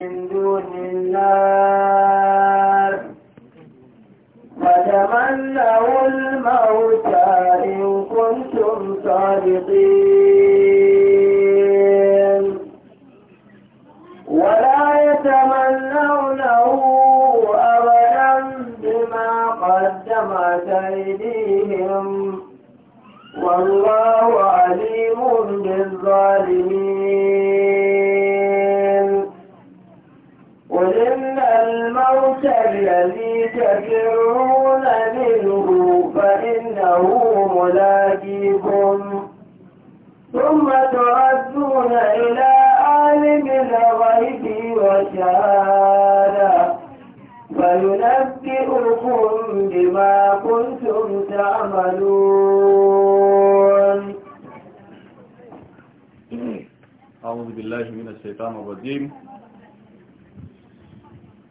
من دون النار فتمنوا الموتى إن كنتم صادقين ولا يتمنونه أبدا بما قدمت أيديهم والله عليم بالظالمين الذي تفرون منه فإنه ملاقيكم ثم تردون إلى عالم الغيب والشهادة فينبئكم بما كنتم تعملون أعوذ بالله من الشيطان الرجيم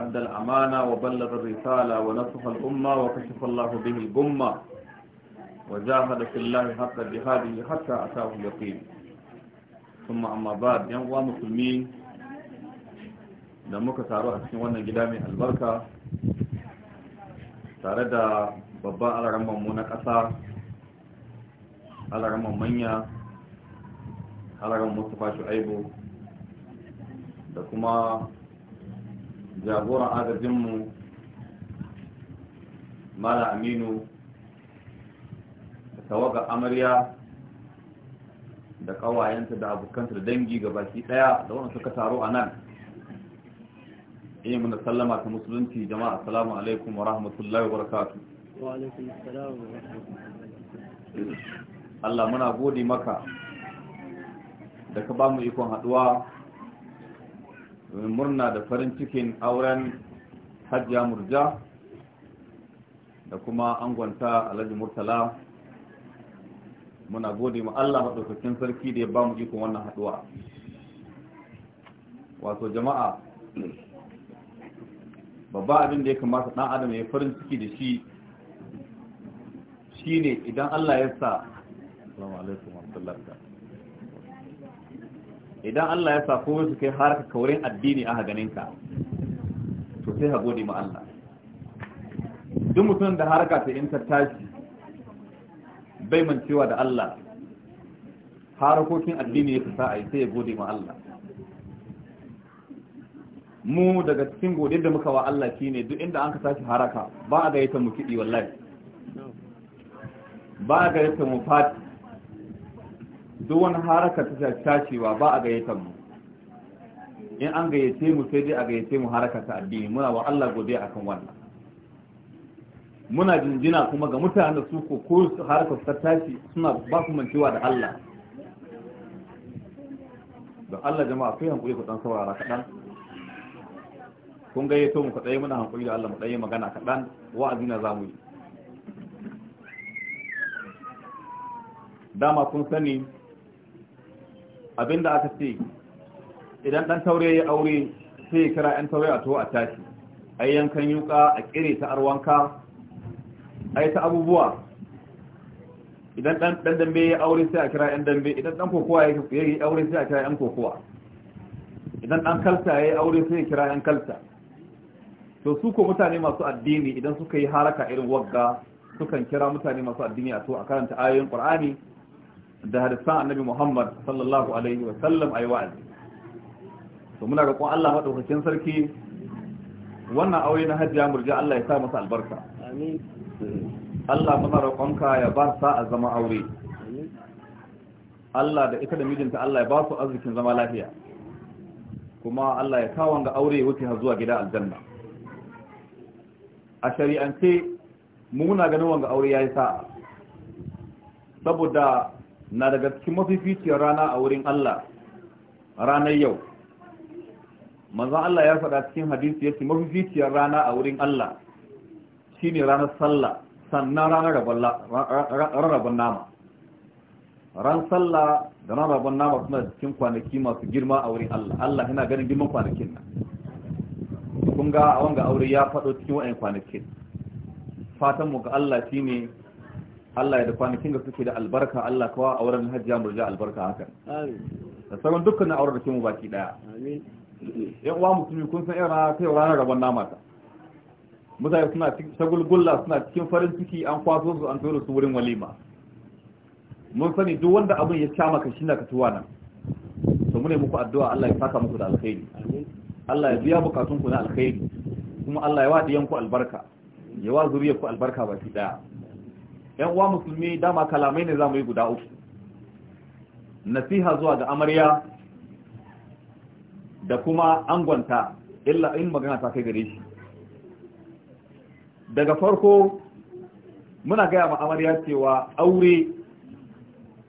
أدى الأمانة وبلغ الرسالة ونصف الأمة وكشف الله به الجمة وجاهد في الله حتى جهاده حتى أتاه اليقين ثم أما بعد ينوى مسلمين دمك تارو أسنوى نجدامي البركة تاردى بابا على رمى منقصة على رمى منيا على رمى مصطفى شعيب لكما jagoran agajinmu mala aminu da tawaga amarya da kawayenta da abokanta da dangi ga baki daya da wanda suka taro a nan iya muna sallama ta musulunci jama'a assalamu alaikum wa rahmatullahi wa Allah muna gode maka da ka ba mu ikon haduwa domin murna da farin cikin auren hajjiya murja da kuma angonta alhaji murtala muna gode ma Allah maɗaukakin sarki da ya ba mu ikon wannan haɗuwa wato jama'a babba abin da ya kamata ɗan adam ya farin ciki da shi shi ne idan Allah ya sa idan Allah ya sa ko su kai har ka kaurin addini aka ganin ka to sai ka gode ma Allah duk mutum da har ka in ta tashi bai mancewa da Allah harkokin addini ya fita a yi sai ya gode ma Allah mu daga cikin godin da muka wa Allah shine duk inda an ka tashi haraka ba a gayyata mu kiɗi wallahi ba a gayyata mu fati duk wani haraka ta tacewa ba a gayyata mu in an gayyace mu sai dai a gayyace mu haraka ta addini muna wa Allah godiya akan wannan muna jinjina kuma ga mutanen su ko ko haraka ta tashi suna ba su mancewa da Allah don Allah jama'a kai hankuri ku dan saurara kaɗan kun gayyato mu kaɗai muna hankuri da Allah mu ɗaya magana kaɗan wa'azi na zamu yi dama kun sani abinda aka ce idan dan taure ya aure sai ya kira ɗan taure a tuwo a tashi a yi yankan yuka a ƙire ta arwanka a yi ta abubuwa idan dan dambe ya aure sai a kira ɗan dambe idan dan kokowa ya yi aure sai a kira ɗan kokowa idan dan kalta ya yi aure sai ya kira ɗan kalta to su ko mutane masu addini idan suka yi haraka irin wagga sukan kira mutane masu addini a to a karanta ayoyin qur'ani da hadisan annabi Muhammad sallallahu alaihi wa sallam ayi wa'azi to muna roƙon Allah madaukakin sarki wannan aure na hajjiya murja Allah ya sa masa albarka amin Allah muna roƙonka ya ba sa a zama aure Allah da ita da mijinta Allah ya ba su arzikin zama lafiya kuma Allah ya kawo ga aure wuce har zuwa gida aljanna a shari'ance muna ganin wanga aure yayi sa'a saboda na daga cikin mafificiyar rana a wurin Allah ranar yau manzon Allah ya faɗa cikin hadisi yace mafificiyar rana a wurin Allah shine ranar sallah sannan ranar rabon nama ran sallah da ranar rabon nama suna cikin kwanaki masu girma a wurin Allah Allah yana ganin girman kwanakin nan kun ga wanga aure ya faɗo cikin wa'in kwanakin fatan mu ga Allah shine Allah ya da kwanakin da suke da albarka Allah kawa a wurin hajjiya murja albarka hakan da sauran dukkan auren da ke mu baki daya yan uwa musulmi kun san yana kai ranar rabon nama ta mutane suna shagulgulla suna cikin farin ciki an kwaso su an tsoro su wurin walima mun sani duk wanda abin ya sha ka shi na katuwa nan to mu ne muku addu'a Allah ya saka muku da alkhairi Allah ya biya bukatun ku na alkhairi kuma Allah ya wadi ku albarka ya wa zuriyar ku albarka baki daya yan uwa musulmi dama kalamai ne zamu yi guda uku nasiha zuwa ga amarya da kuma angonta illa in magana ta kai gare shi daga farko muna gaya ma amarya cewa aure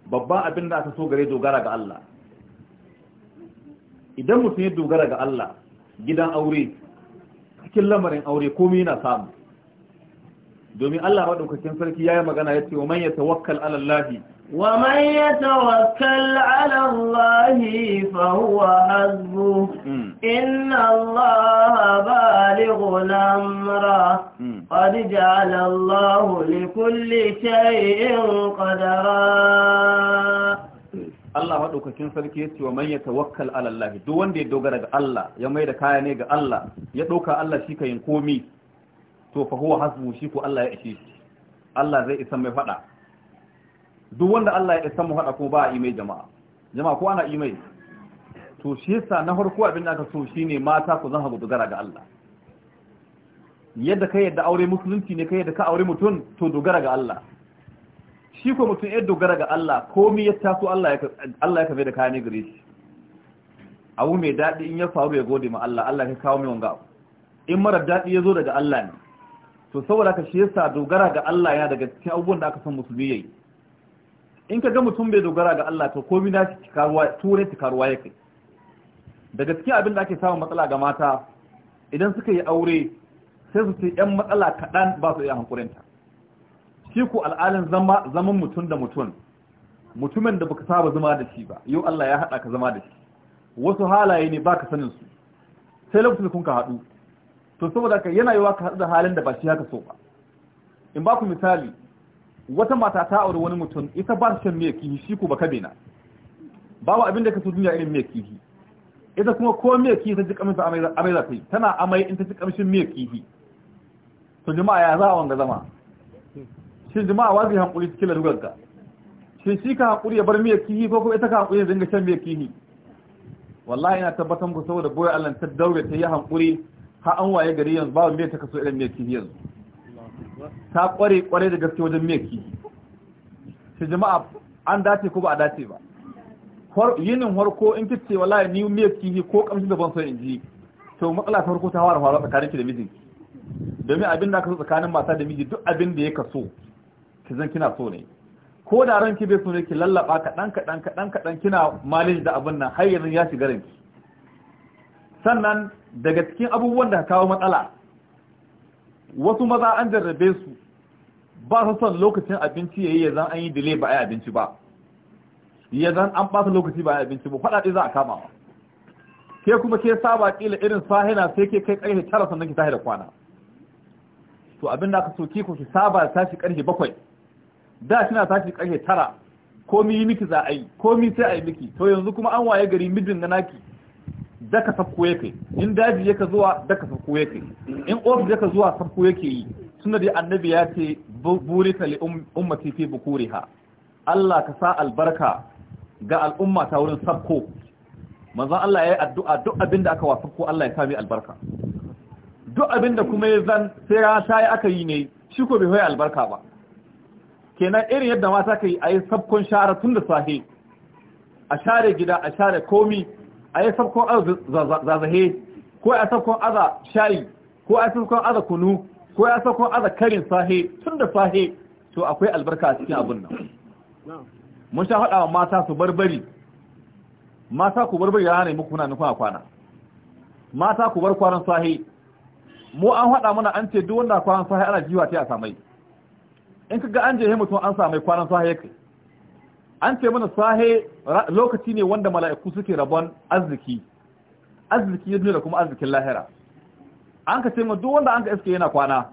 babban abin da aka so gare dogara ga Allah idan mutum ya dogara ga Allah gidan aure cikin lamarin aure komai yana samu domin Allah madaukakin sarki ya yi magana ce wa man tawakkal ala Allah wa man yatawakkal ala Allah fa huwa hasbu hmm. inna Allah balighun amra hmm. qad ja'ala Allah li kulli shay'in qadara Allah maɗaukakin sarki ya ce wa man ya tawakkal ala duk wanda ya dogara ga Allah ya mai da kaya ne ga Allah ya ɗauka Allah shi ka yin komi to fa huwa hasbu shi ko Allah ya ishe shi Allah zai isa mai fada duk wanda Allah ya isa mu fada kuma ba a yi mai jama'a jama'a ko ana yi mai to shi yasa na farko abin da aka so shine mata ku zan hagu dogara ga Allah yadda kai yadda aure musulunci ne kai yadda ka aure mutum to dogara ga Allah shi ko mutum ya dogara ga Allah komai ya taso Allah ya Allah ya kafe da kayan gare shi abu mai daɗi in ya faru ya gode ma Allah Allah ya kawo mai wanga in mara daɗi ya zo daga Allah ne to saboda ka shi yasa dogara ga Allah yana daga cikin abubuwan da aka san musulmi yayi in ka ga mutum bai dogara ga Allah to komai na shi karuwa ya ta karuwa yake daga cikin abin da ake samun matsala ga mata idan suka yi aure sai su ce yan matsala kaɗan ba su iya hankurinta shi ku al'alin zama zaman mutum da mutum mutumin da baka saba zama da shi ba yau Allah ya haɗa ka zama da shi wasu halaye ne baka sanin su sai lokacin kun ka haɗu to saboda ka yana yiwa ka haɗu da halin da ba shi haka so ba in ba ku misali wata mata ta aure wani mutum ita ba shan mai kihi shi ba kabe bena babu abin da ka so duniya irin mai kihi ita kuma ko mai kihi ta ji kamshin amai za ta yi tana amai in ta ji kamshin mai kihi to jama'a ya za a wanga zama shin jama'a wa zai hankuli cikin lalugarka shin shi ka hankuli ya bar mai kihi ko kuma ita ka hankuli ya dinga shan mai kihi wallahi ina tabbatar ku saboda boye Allah ta daure ta yi hankuli ha an waye gari yanzu babu mai ta kaso irin mai kifi yanzu ta kware kware da gaske wajen mai kifi shi jama'a an dace ko ba a dace ba yinin harko in kitse wallahi ni mai kifi ko kamshi da ban so in ji to matsala ta harko ta fara faruwa tsakanin ki da mijinki domin abin da ka so tsakanin mata da miji duk abin da ya kaso ki zan kina so ne ko da ranki bai so ne ki lallaba kaɗan kaɗan kaɗan kaɗan kina malin da abin nan har yanzu ya shiga ranki sannan daga cikin abubuwan da kawo matsala wasu maza an jarrabe su ba su son lokacin abinci ya yi ya zan an yi dile ba a yi abinci ba ya zan an ɓata lokaci ba a yi abinci ba faɗaɗe za a kama ba ke kuma ke saba ƙila irin sahina sai ke kai ƙarfe tara sannan ki tashi da kwana to abin da aka so ki ko ki saba tashi ƙarfe bakwai da kina tashi ƙarfe tara komi yi miki za a yi komi sai a yi miki to yanzu kuma an waye gari midin na naki daka sabko yake in daji yake zuwa daka sabko yake in ofis yake zuwa sabko yake yi tunda dai annabi ya ce burika li um, ummati fi bukuriha Allah ka sa albarka ga al'umma ta wurin sabko manzon Allah ya yi addu'a duk abinda aka wa sabko Allah ya sami albarka duk abinda kuma ya zan sai rana ta yi aka yi ne shi ko bai hoya albarka ba kenan irin yadda mata ka yi a yi sabkon shara tun da safe a share gida a share komi a yi sabkon aza zazahe ko a sabkon aza shayi ko a sabkon aza kunu ko a sabkon aza karin sahe tun da sahe to akwai albarka a cikin abin nan mun sha haɗa wa mata su barbari mata ku barbari ya hana muku na nufin kwana mata ku bar kwanan sahe mu an haɗa mana an ce duk wanda kwanan sahe ana jiwa ta a samai in ka ga an je mutum an samai kwanan sahe ya kai an ce mana sahe lokaci ne wanda mala'iku suke rabon arziki arziki ya da kuma arzikin lahira an ka ce ma duk wanda an ka iske yana kwana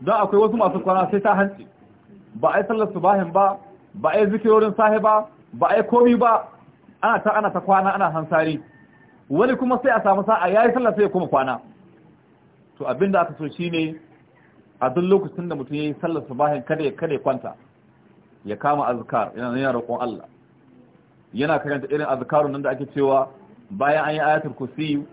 don akwai wasu masu kwana sai ta hanci ba a yi sallar bahin ba ba a yi zikirorin sahe ba ba a yi komi ba ana ta ana ta kwana ana hansari wani kuma sai a samu sa'a ya yi sallar sai ya kuma kwana to da aka so shine a duk lokacin da mutum ya yi sallar subahin kada kada ya kwanta ya kama azkar yana yana roƙon Allah yana karanta irin azkarun nan da ake cewa bayan an yi ayatul kursi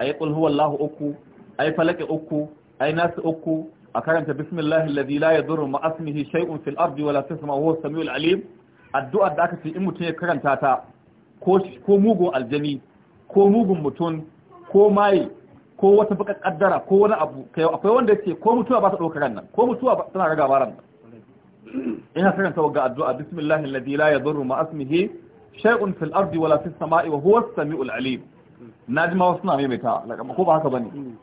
ayi qul huwallahu uku ayi falaki uku ayi nas uku a karanta bismillahi alladhi la yadurru ma ismihi shay'un fil ardi wala tasma huwa samiul alim addu'a da aka ce in mutum ya karanta ta ko ko mugun aljani ko mugun mutum ko mai ko wata baka kaddara ko wani abu kai akwai wanda yake ko mutuwa ba ta ɗaukar nan ko mutuwa tana raga baran nan ina sakan ka ga addu'a bismillahi alladhi la yadurru ma ismihi shay'un fil ardi wala fis sama'i wa huwa as-sami'ul alim najma wasu na maimaita ko ba haka bane hmm,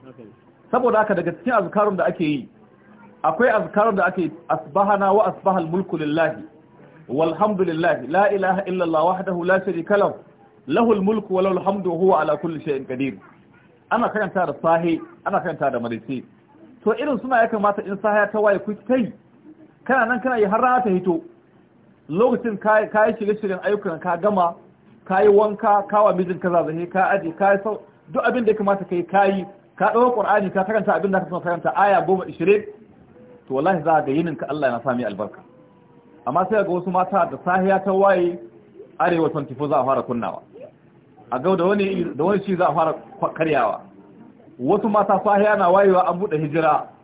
saboda haka daga cikin azkarun da ake yi akwai azkarun da ake asbahana wa asbahal mulku lillahi walhamdulillahi la ilaha illa Allah wahdahu la sharika lahu lahul mulku wa lahul hamdu huwa ala kulli shay'in qadir ana karanta da sahi ana karanta da malice to irin suna ya kamata in sahi ta waye ku kai kana nan kana yi har rana ta hito lokacin ka yi shirye-shiryen ayyukan ka gama ka yi wanka kawa mijin ka zazahe ka aje ka yi duk abin da ya kamata ka yi ka yi ka ɗaukar ƙwar'ani ka karanta abin da ka suna karanta aya goma ishirin to wallahi za ga yinin ka Allah na sami albarka amma sai ga wasu mata da sahiya ta waye arewa 24 za a fara kunnawa a ga da wani da wani shi za a fara karyawa wasu mata sahiya na wayewa an buɗe hijira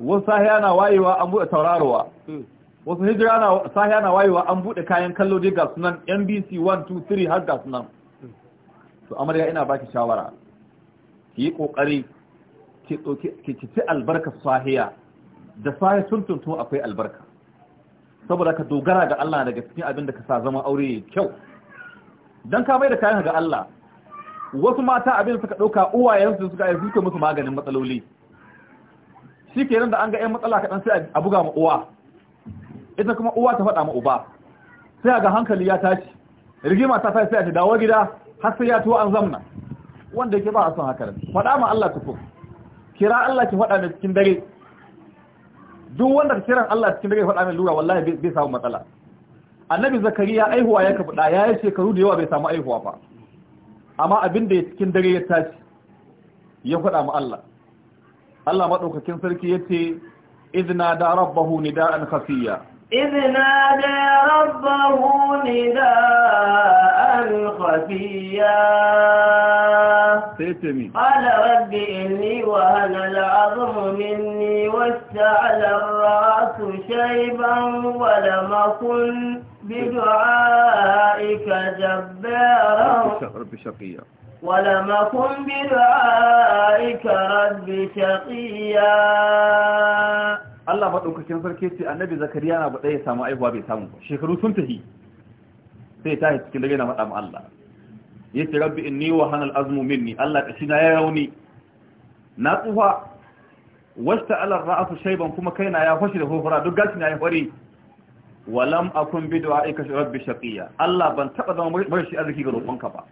wasu sahiya na wayewa an buɗe taurarowa hmm. wasu hijira na sahiya na wayewa an buɗe kayan kallo dai ga sunan NBC 1 2 3 har ga sunan hmm. to amarya ina baki shawara ki yi kokari ki ki ci albarka sahiya da sahiya tuntuntu akwai albarka saboda ka dogara ga Allah daga cikin abin da ka sa zama aure kyau dan ka mai da kayan ga Allah wasu mata abin suka dauka uwayensu suka yi suke musu maganin matsaloli shi ke da an ga 'yan matsala kaɗan sai a buga ma uwa ita kuma uwa ta faɗa ma uba sai ga hankali ya tashi rigima ta fai sai ta dawo gida har sai ya tuwa an zamna wanda yake ba a son haka faɗa ma Allah tuku kira Allah ki faɗa mai cikin dare duk wanda ka kiran Allah cikin dare faɗa mai lura wallahi bai samu matsala annabi zakariya aihuwa ya kafa ya yi shekaru da yawa bai samu aihuwa ba amma abin da ya cikin dare ya tashi ya faɗa ma Allah Allah maɗaukakin sarki ya ce, Izina da rabbahu nida'an khafiya. Izina da rabbahu nida'an khafiya. Sai ce mi. Ala rabbi inni wa hana al'azmu minni wasta ala rasu shaiban wa lamakun bidu'a'ika jabbaran. Rabbi shaqiya. ولم أكن رب شقيا Allah maɗaukakin sarki ce annabi zakariya na baɗe ya samu aihuwa bai samu ba shekaru sun tafi, sai ta yi cikin dare na faɗa ma Allah ya ce rabbi in wa hanal azmu minni Allah ƙashi na ya rauni na tsufa wasta alar ra'asu shaiban kuma kaina ya fashi da hofara duk gashi na ya fari walam akun bid'a aika rabbi shaqiya Allah ban taba zama shi arziki ga roƙonka ba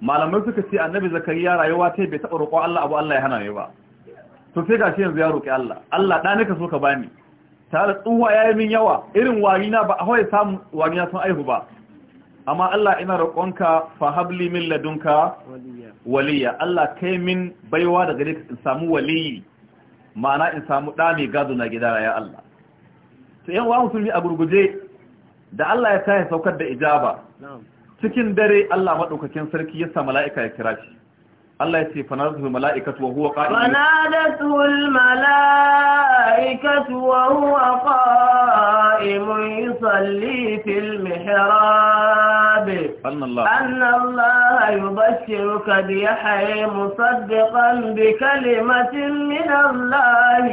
malamai suka ce annabi zakariya rayuwa ta bai taɓa roƙo Allah abu Allah ya hana mai ba to sai gashi yanzu ya roƙi Allah Allah da nika so ka bani tare tsuwa ya yi min yawa irin na ba a samu samun warina sun aihu ba amma Allah ina roƙonka fa habli min ladunka waliya Allah kai min baiwa da gare in samu waliyi ma'ana in samu da mai gado na gidana ya Allah to yan wa musulmi a gurguje da Allah ya sa ya saukar da ijaba cikin dare Allah maɗaukakin sarki ya sa mala'ika ya kira shi Allah ya ce fanadatul mala'ikatu wa huwa da fanadatul mala'ikatu wa huwa yi salli fil mihrab الكتابي أن الله, يبشرك بيحي مصدقا بكلمة من الله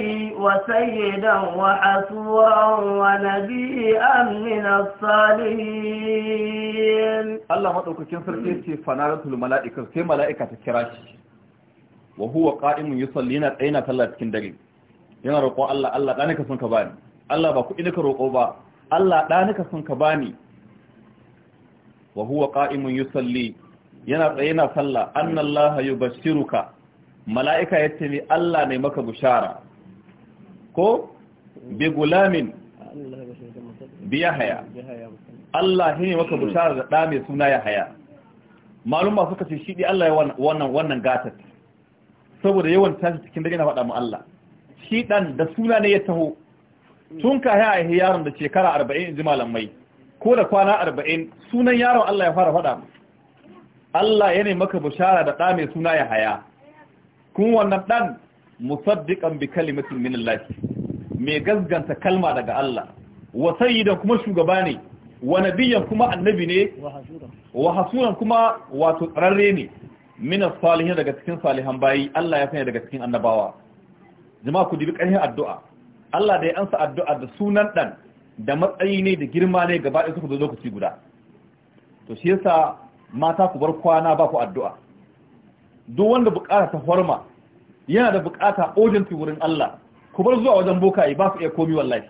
وسيدا وحسورا ونبيئا من الصالحين الله مدعوك كيف سرقيتي فنارة الملائكة في ملائكة الكراشي وهو قائم يصلينا أين تلات كندري yana roƙo Allah Allah ɗanaka sun ka bani Allah ba kuɗi nika roƙo ba Allah ɗanaka sun ka bani wa huwa qa'imun yusalli yana tsaye yana sallah annallaha yubashshiruka mala'ika yace ni Allah ne maka bushara ko bi gulamin bi yahya Allah ne maka bushara da da mai suna yahya maluma suka ce shi dai Allah ya wannan wannan gatar saboda yawan tashi cikin dare na faɗa mu Allah shi dan da suna ne ya taho tun ka haya yaron da shekara 40 in ji malamai ko da kwana arba'in sunan yaron Allah ya fara faɗa Allah ya ne maka bishara da ɗa mai suna ya haya kun wannan ɗan musaddiƙan bi kalimatin min Allah mai gasganta kalma daga Allah wa sayyidan kuma shugaba ne wa nabiyyan kuma annabi ne wa hasuran kuma wato tsararre ne min salihin daga cikin salihan bayi Allah ya sanya daga cikin annabawa jama'a ku dibi ƙarfin addu'a Allah da ya ansa addu'a da sunan ɗan da matsayi ne da girma ne gaba ɗaya suka zo lokaci guda to shi yasa mata ku bar kwana ba ku addu'a duk wanda bukata ta horma yana da bukata urgency wurin Allah ku bar zuwa wajen bokaye ba su iya komi wallahi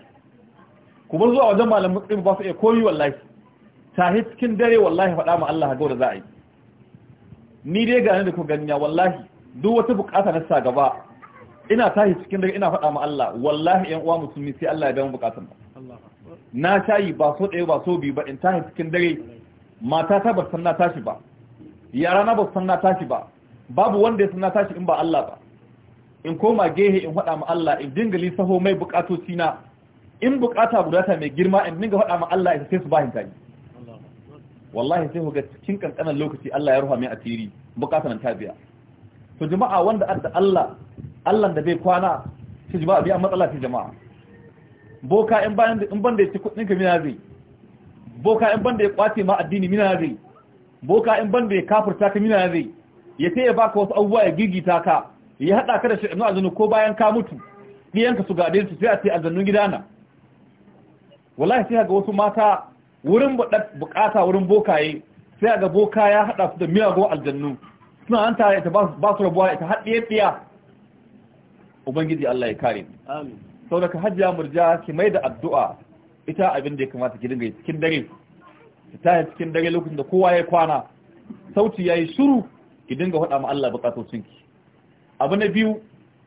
ku bar zuwa wajen malamin tsibbi ba su iya komi wallahi tahi cikin dare wallahi faɗa ma Allah ga da za a yi ni dai ga da ku ganiya wallahi duk wata bukata na sa gaba ina tahi cikin dare ina faɗa ma Allah wallahi ƴan uwa musulmi sai Allah ya biya mu bukatun Allah na shayi ba so ɗaya ba so biyu ba in tashi cikin dare mata ta ba san na tashi ba yara na ba san na tashi ba babu wanda ya san na tashi in ba Allah ba in koma gehe in faɗa ma Allah in dinga saho mai bukatoci na in bukata gudata mai girma in dinga faɗa ma Allah in sai su bahin tani wallahi sai ga cikin kankanan lokaci Allah ya ruha mai asiri nan ta biya to jama'a wanda adda Allah Allah da bai kwana shi jama'a biya matsala shi jama'a boka in ban da ya ci kudin ka mina zai boka in ban da ya kwace ma addini mina zai boka in ban da ya kafirta ka mina zai ya sai ya baka wasu abubuwa ya gigita ka ya hada ka da shi inu azanu ko bayan ka mutu ka su gade su sai a ce azannun gidana wallahi sai ga wasu mata wurin bukata wurin bokaye sai ga boka ya hada su da miyagun aljannu suna an tare ita ba su rabuwa ita haɗe tsiya ubangiji Allah ya kare amin saboda hajiya murja ki mai da addu'a ita abin da ya kamata ki dinga cikin dare ki tashi cikin dare lokacin da kowa ya kwana sauti yayi shiru ki dinga faɗa ma Allah ki abu na biyu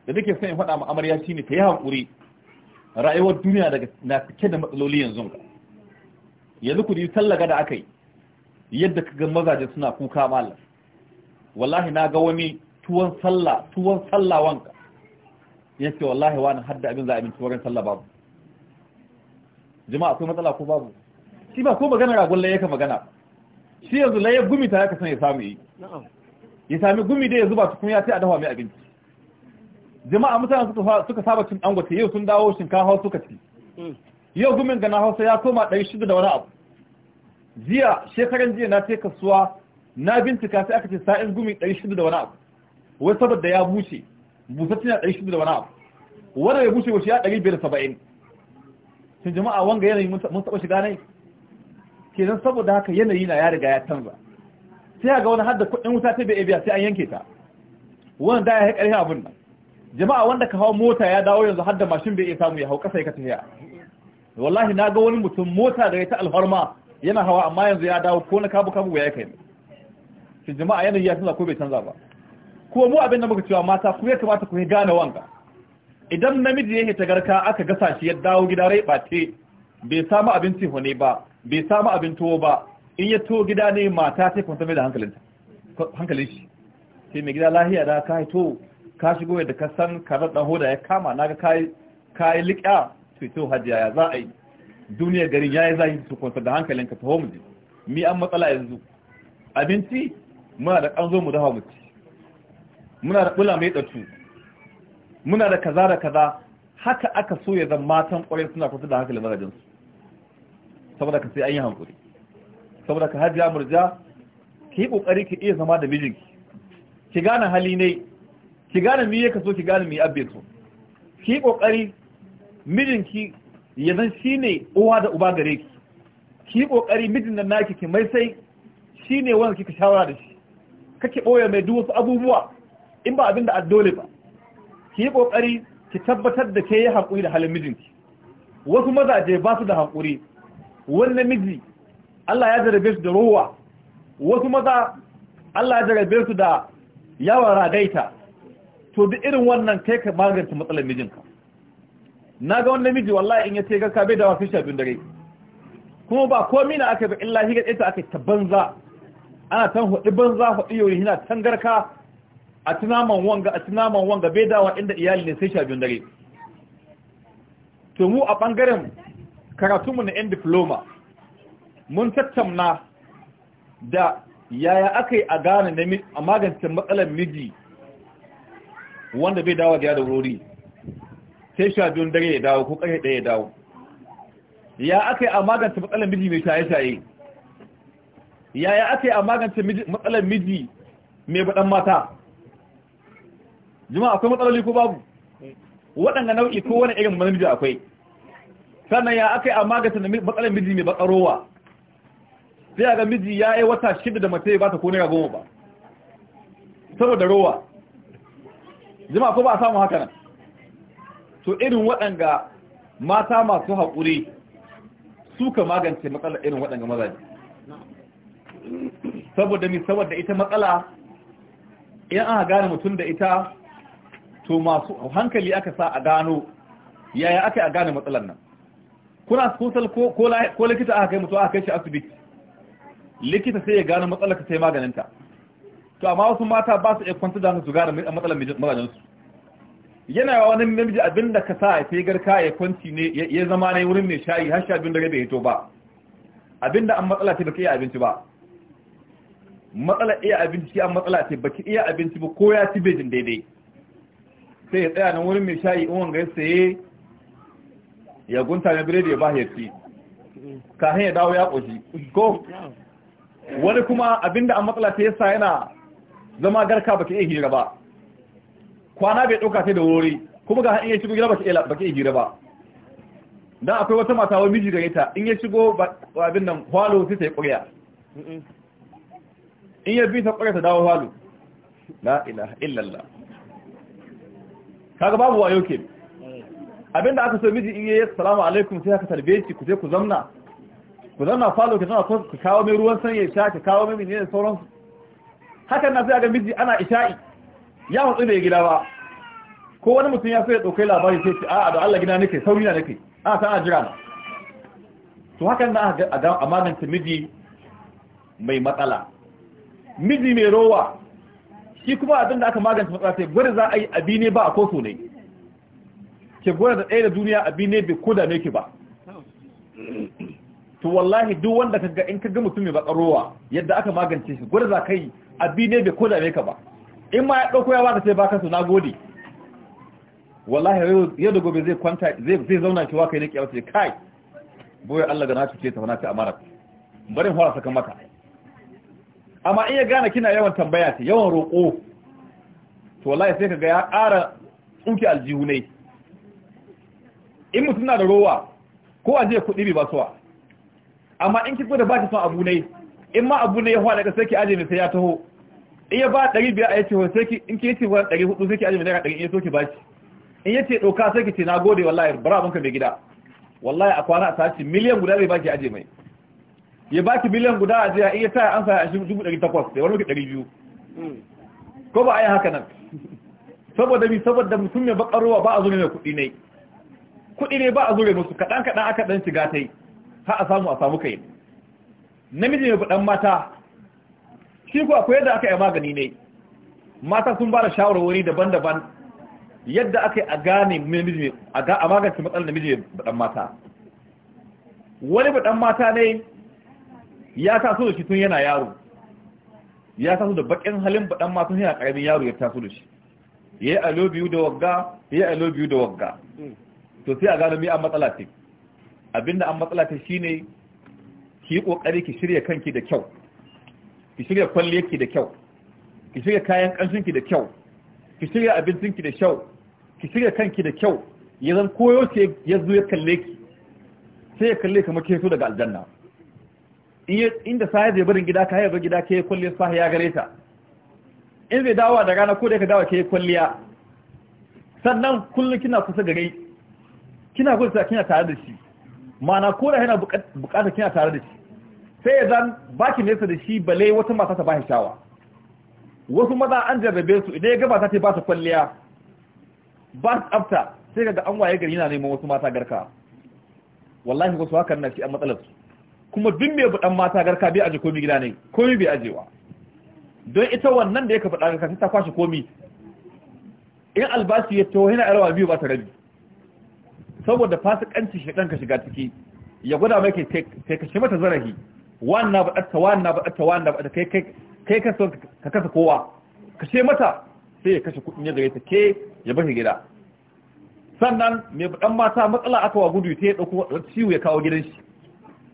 da nake son in faɗa ma amarya shine ta yi rayuwar duniya daga na cike da matsaloli yanzu yanzu ku yi sallaga da aka yi yadda ka ga mazaje suna kuka malam wallahi na ga wani tuwon sallah tuwon sallah wanka ce wallahi wani hadda abin za a minci wurin sallah babu jama'a akwai matsala ko babu shi ba ko magana ragon laye ka magana shi yanzu laye gumi ta yaka son ya samu yi ya sami gumi da ya zuba tukun ya ce a dawa mai abinci jama'a mutane suka saba cin dangote yau sun dawo shinkafa suka ci mm. yau gumin ga na hausa ya koma ɗari shida da wani abu jiya shekaran jiya na ce kasuwa na bincika sai aka ce sa'in gumi ɗari shida da wani abu wai saboda ya buce. busassun ya ɗari shi da wani abu wanda ya bushe wasu ya ɗari biyar da saba'in sun jama'a wanga yanayi mun taɓa shiga nai ke zan saboda haka yanayi na ya riga ya canza sai ga wani hadda kuɗin wuta ta bai biya sai an yanke ta wannan da ya yi ƙarfi abin nan jama'a wanda ka hau mota ya dawo yanzu hadda mashin bai iya samu ya hau ƙasa ya ka tafiya wallahi na ga wani mutum mota da ya ta alfarma yana hawa amma yanzu ya dawo ko na kabu kabu ya kai sun jama'a yanayi ya canza ko bai canza ba ko mu abin da muka cewa mata ku ya kamata ku gane wanga idan namiji yake tagarka aka gasa shi ya dawo gida rai bace bai samu abinci ne ba bai samu abin tuwo ba in ya tuwo gida ne mata sai kwanta mai da hankalinta hankalin shi sai mai gida lahiya da ka to ka shigo da ka san karar dan hoda ya kama naga kai kai liƙa to to hajiya ya za a yi duniyar garin yayi zai su kwanta da hankalinka to homu mi an matsala yanzu abinci muna da kanzo mu dafa mu ci muna da bula mai datu muna da kaza da kaza haka aka so ya zama matan kwarai suna kusa da hankalin marajin su saboda ka sai an yi hankuri saboda ka hajiya murja ki yi ƙoƙari ki iya zama da mijinki ki gane hali ne ki gane mi ya kaso ki gane mi abbe so ki yi ƙoƙari mijinki ya zan shi ne uwa da uba gare ki ki yi ƙoƙari mijin nan naki ki mai sai shi ne wanda kika shawara da shi kake ɓoye mai duk wasu abubuwa in ba abin da addole ba ki yi kokari ki tabbatar da ke yi haƙuri da halin mijinki wasu mazaje ba su da haƙuri wannan miji Allah ya jarabe su da rowa wasu maza Allah ya jarabe su da yawan ragaita to duk irin wannan kai ka magance matsalar mijinka na ga wannan miji wallahi in ya ce garka bai da wasu shafin dare kuma ba komai na aka ba illa ga ita aka ta banza ana tan hudu banza hudu yau hina tan garka a tunaman wanga a tunaman wanga bai dawa inda iyali ne sai sha dare to mu a bangaren karatunmu na yan diploma mun tattauna da yaya aka yi a gane a magance matsalar miji wanda bai dawo da wuri sai sha dare ya dawo ko kare ɗaya ya dawo ya aka yi a magance matsalar miji mai shaye-shaye yaya aka yi a magance matsalar miji mai baɗan mata juma akwai matsaloli ko babu waɗanda nau'i ko wani irin namiji akwai sannan ya aka yi a magasin da matsalar miji mai bakarowa sai ga miji ya yi wata shida da mace ba ta ko naira goma ba saboda rowa juma ko ba a samu haka nan to irin waɗanga mata masu haƙuri suka magance matsalar irin waɗanga mazaje saboda ni saboda ita matsala in aka gane mutum da ita to masu hankali aka sa a gano yaya aka a gane matsalar nan kuna kusan ko likita aka kai mutu aka kai shi asibiti likita sai ya gano matsalar ka sai maganinta to amma wasu mata ba su iya kwanta da su gane matsalar maganinsu yana yawa wani namiji abin da ka sa sai garka ya kwanci ne ya zama ne wurin mai shayi har sha biyun da bai hito ba abin da an matsala ce baki iya abinci ba matsala iya abinci an matsala ce baki iya abinci ba ko ya ci bejin daidai sai ya tsaya nan wurin mai shayi in wanga ya saye ya gunta na biredi ya ba ya ci kafin ya dawo ya ƙoshi ko wani kuma abinda an matsala ta yasa yana zama garka baki iya hira ba kwana bai ɗauka sai da wuri kuma ga hanyar ya shigo gida baki iya hira ba dan akwai wata mata wa miji gare ta in ya shigo abin nan hwalo sai ta yi ƙurya in ya bi ta ƙurya ta dawo hwalo la ilaha illallah kaga babu wayo ke abinda aka so miji in assalamu alaikum sai aka tarbe shi ku je ku zamna ku zamna falo ke zama ka kawo mai ruwan sanya sha ka kawo mai menene sauransu hakan na sai ga miji ana isha'i ya hutsu da gida ba ko wani mutum ya so ya daukai labari sai ce a'a da Allah gida nake sauri na nake a ta ana jira na to hakan na ga amanan miji mai matsala miji mai rowa shi kuma abin da aka magance matsala sai gwada za a yi abi ne ba a ko ne ke gwada da ɗaya da duniya abi ne bai koda ne ke ba to wallahi duk wanda ka ga in ka ga mutum mai batsarowa yadda aka magance shi gwada za kai abi ne bai koda ne ka ba in ma ya ɗauko ya baka sai baka na nagode wallahi yau da gobe zai kwanta zai zauna ki waka ne kiyama sai kai boye Allah ga na tuce ta na ta amara bari hora saka maka amma iya gane kina yawan tambaya ce yawan roƙo to wallahi sai ga ya ƙara tsuki aljihu ne in mutum na da rowa ko a jiya kuɗi bai basuwa amma in kiko da ba ki son abu ne in ma abu ne ya hwa daga sai ki aje mai sai ya taho in ya ba ɗari biyar a yace wa sai ki in ki yace wa ɗari hudu sai ki aje mai daga ɗari in ya so ki bashi in yace ɗauka sai ki ce na gode wallahi bara abinka mai gida wallahi a kwana a sashi miliyan guda ba ki aje mai ya ba ki miliyan guda a jiya iya sa an sa a shi dubu ɗari takwas da wani ɗari biyu ko ba a yi haka nan saboda bi saboda mutum mai bakar ruwa ba a zure mai kuɗi ne kuɗi ne ba a zure musu kaɗan kaɗan aka ɗan shiga ta yi ha a samu a samu kai namiji mai faɗan mata shi ko akwai yadda aka yi magani ne mata sun ba da shawarwari daban-daban yadda aka yi a gane namiji a magance matsalar namiji mai faɗan mata wani faɗan mata ne ya taso da shi tun yana yaro ya taso da bakin halin baɗan ma tun yana ƙaramin yaro ya taso da shi ya yi alo biyu da wagga ya yi alo biyu da wagga hmm. to sai a gano mi an matsala ce abinda an matsala ce shine ki yi kokari ki shirya kanki da kyau ki shirya kwalliyarki da kyau ki shirya kayan ƙanshinki da kyau ki shirya abincinki da kyau ki shirya kanki da kyau ya zan koyo ce ya zo ya kalle ki sai ya kalle kamar ke so daga aljanna inda sa ya zai barin gida ka haifar gida ke kwalliyar sa ya gare ta in zai dawa da rana ko da ka dawa ke kwalliya sannan kullum kina kusa gare kina kusa kina tare da shi mana ko da yana bukatar kina tare da shi sai ya zan ba ki nesa da shi balai wata mata ta bashi shawa wasu maza an jarrabe su idan ya gaba ta ce ba su kwalliya ba su tsafta sai ga an waye gari yana neman wasu mata garka wallahi wasu hakan na shi a matsalar su kuma duk mai budan mata garka bai aje komi gida ne komi bai ajewa don ita wannan da yake fada garka ta kwashe komi in albashi ya to yana yarwa biyu ba ta rabi saboda fasikanci shedan ka shiga ciki ya gwada mai kai shi mata zarahi, wannan ba ta wannan ba ta wannan ba kai kai kai ka so ka kasa kowa kashe mata sai ya kashe kuɗin ya gare ta ke ya bashi gida sannan mai budan mata matsala aka wa gudu ta ya dauko ciwo ya kawo gidan shi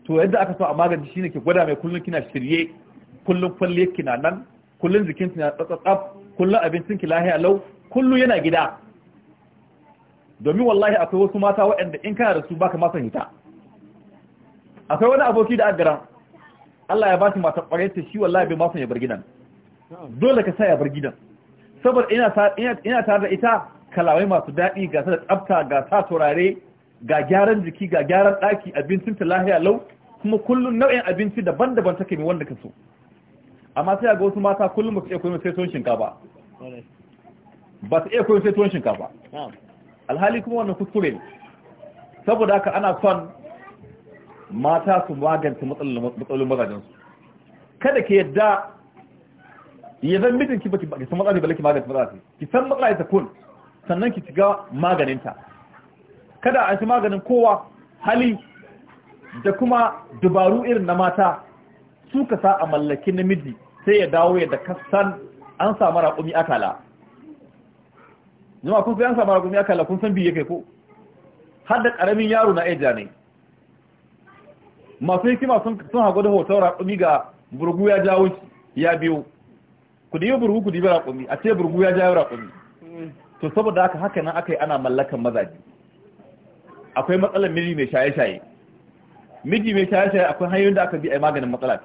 to yadda aka so a magani shine ke gwada mai kullun kina shirye kullun kwalle na nan kullun jikin na tsatsatsaf kullun abincin ki lahiya lau kullum yana gida domin wallahi akwai wasu mata waɗanda in kana da su baka ma hita akwai wani aboki da agaran Allah ya bashi mata ƙwarai ta shi wallahi bai ma ya bar gidan dole ka sa ya bar gidan saboda ina ina tare da ita kalawai masu daɗi ga da tsafta ga sa turare ga gyaran jiki ga gyaran ɗaki abincin ta lahiya lau kuma kullum nau'in abinci daban-daban take mai wanda ka so amma sai ga wasu mata kullum ba su iya koyon sai tuwon shinkafa ba su iya koyon sai tuwon shinkafa alhali kuma wannan kuskure ne saboda haka ana son mata su magance matsalolin su kada ke yadda ya zan mijinki ki san matsala baki magance matsala ki san matsala ta kun sannan ki shiga maganinta kada a shi maganin kowa hali da kuma dubaru irin na mata su ka sa a mallaki namiji sai ya dawo ya da kasan an samu raƙumi akala Zuma kun sai an samu raƙumi akala kun san ya kai ko har da ƙaramin yaro na eja ne masu hikima sun hagu da hoton raƙumi ga burgu ya jawo ya biyo ku yi burgu ku yi raƙumi a ce burgu ya jawo raƙumi mm. to saboda haka haka nan aka yi ana mallakan mazaji akwai matsalar miji mai shaye-shaye miji mai shaye-shaye akwai hanyoyin da aka bi a maganin matsala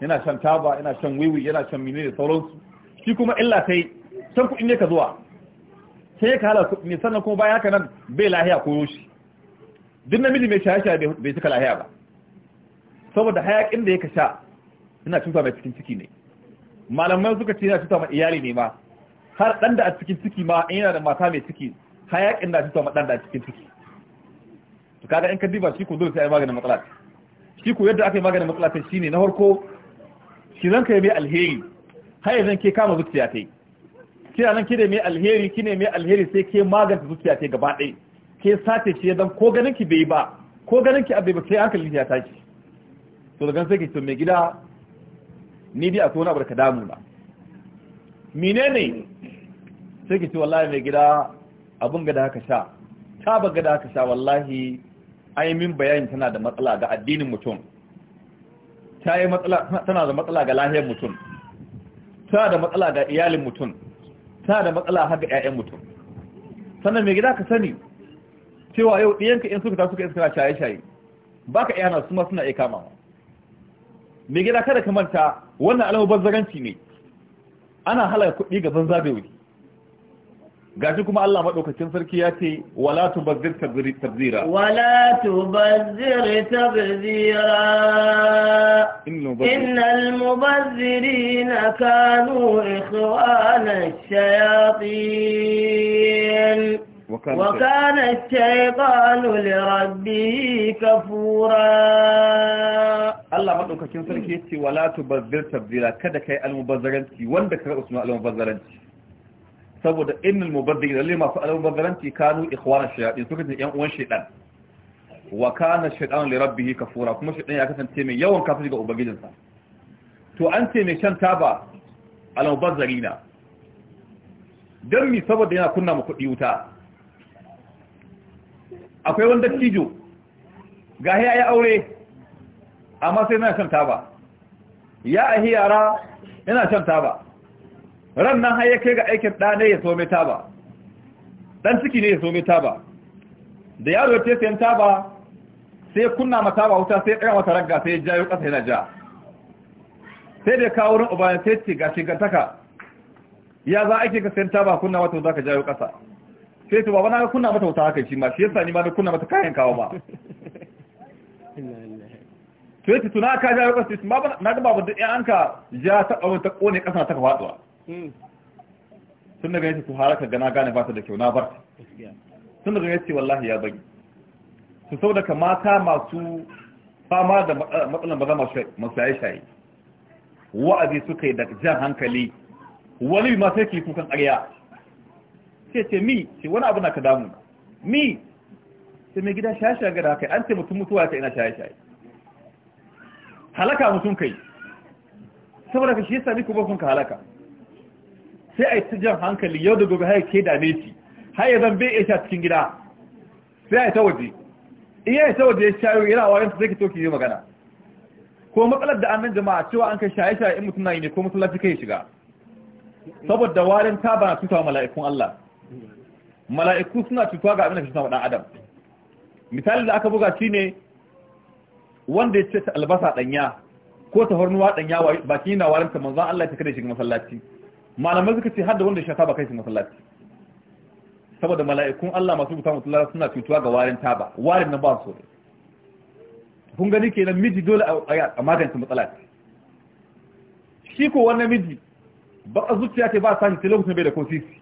yana shan taba yana shan wiwi yana shan mini da sauransu shi kuma illa sai san kuɗi ne ka zuwa sai ka hala kuɗi ne sannan kuma bayan haka nan bai lahiya ko yoshi duk namiji mai shaye-shaye bai cika lahiya ba saboda hayakin da ya ka sha yana cuta mai cikin ciki ne malamai suka ce yana cuta mai iyali ne ma har dan da a cikin ciki ma in yana da mata mai ciki hayakin da cuta mai dan da a cikin ciki to kaga in ka diba shi ko dole sai ai maganin matsala shi ko yadda aka yi maganin matsala ta shine na farko shi zan kai mai alheri har yanzu ke kama zuciya ta yi kina nan kine mai alheri kine mai alheri sai ke maganta zuciya ta gaba ɗaya ke sace shi dan ko ganin ki bai ba ko ganin ki abai ba sai hankalin ya tashi to daga sai ki to mai gida ni dai a tona barka damu na menene sai ki to wallahi mai gida abun ga da haka sha ta baga da haka sha wallahi Aimin min bayani tana da matsala ga addinin mutum ta yi matsala tana da matsala ga lahiyar mutum tana da matsala ga iyalin mutum tana da matsala har ga ƴaƴan mutum sannan me gida ka sani cewa yau ɗiyanka in suka ta suka iska shaye-shaye ba baka iyana su ma suna iya kama ma. me gida kada ka manta wannan alamu banzaranci ne ana halaka kuɗi ga banza bai gashi kuma Allah madaukakin sarki ya ce wala tubazzir tabzira wala tubazzir tabzira innal mubazzirina kanu ikhwana shayatin وكان الشيطان لربه كفورا الله madaukakin سركي يتي ولا تبذر تبذيرا كدا كاي المبذرنتي وندا كرا usman المبذرنتي saboda innal mubaddil lalle masu almubazzaranci kanu ikhwana shayatin suka ce yan uwan shaytan wa kana shaytan li rabbih kafura kuma shaytan ya kasance mai yawan kafiri ga ubangijinsa to an ce mai shan taba almubazzarina dan mi saboda yana kunna mu kudi wuta akwai wanda tijo ga ya aure amma sai yana shan taba ya ahi yara yana shan taba ran nan har ya kai ga aikin ɗa ne ya so mai taba ɗan ciki ne ya so mai taba da yaro ya ce taba sai ya kunna mata ba wuta sai ya ɗaya mata ragga sai ya jayo ƙasa yana ja sai da kawo wurin ubanin sai ce ga shigantaka ya za ake ka sayan taba kunna mata wuta ka jayo ƙasa sai ce baba na kunna mata wuta haka shi ma shi yasa ni ma na kunna mata kayan kawo ma to yace tuna ka jayo ƙasa ma na ga babu duk yan ka ja ta ta kone ƙasa ta faɗuwa Sun daga yace to haraka gana gane ba ta da kyau na bar ta tun daga yace wallahi ya bari su sau daga mata masu fama da matsalan maza masu shaye-shaye wa'azi suka yi da jan hankali wani ma sai ke kukan arya ce ce mi ce wani abu na ka damu mi sai mai gida shaye-shaye gada kai an ce mutum mutuwa ta ina shaye-shaye halaka mutum kai saboda ka shi yasa ni ku ba ka halaka sai a yi ta jan hankali yau da gobe haya ke dame shi haya zan bai iya sha cikin gida sai a yi ta waje in yi ta waje ya shayo yana wayan sai ka to ki yi magana ko matsalar da annan jama'a cewa an kai shaye shaye in mutum na yi ne ko masallaci kai shiga saboda warin ta ba cuta mala'ikun Allah mala'iku suna cutuwa ga abin da cuta wa dan adam misali da aka buga shine wanda ya ce ta albasa danya ko ta hornuwa danya baki na warin ta manzon Allah ya kada shiga masallaci malamai suka ce har da wanda sha taba kai su masallaci saboda mala'ikun Allah masu rubuta masallaci suna cutuwa ga warin taba warin nan ba su so kun gani kenan miji dole a magance matsala shi ko wannan miji a zuciya ce ba a sani sai lokacin bai da kosisi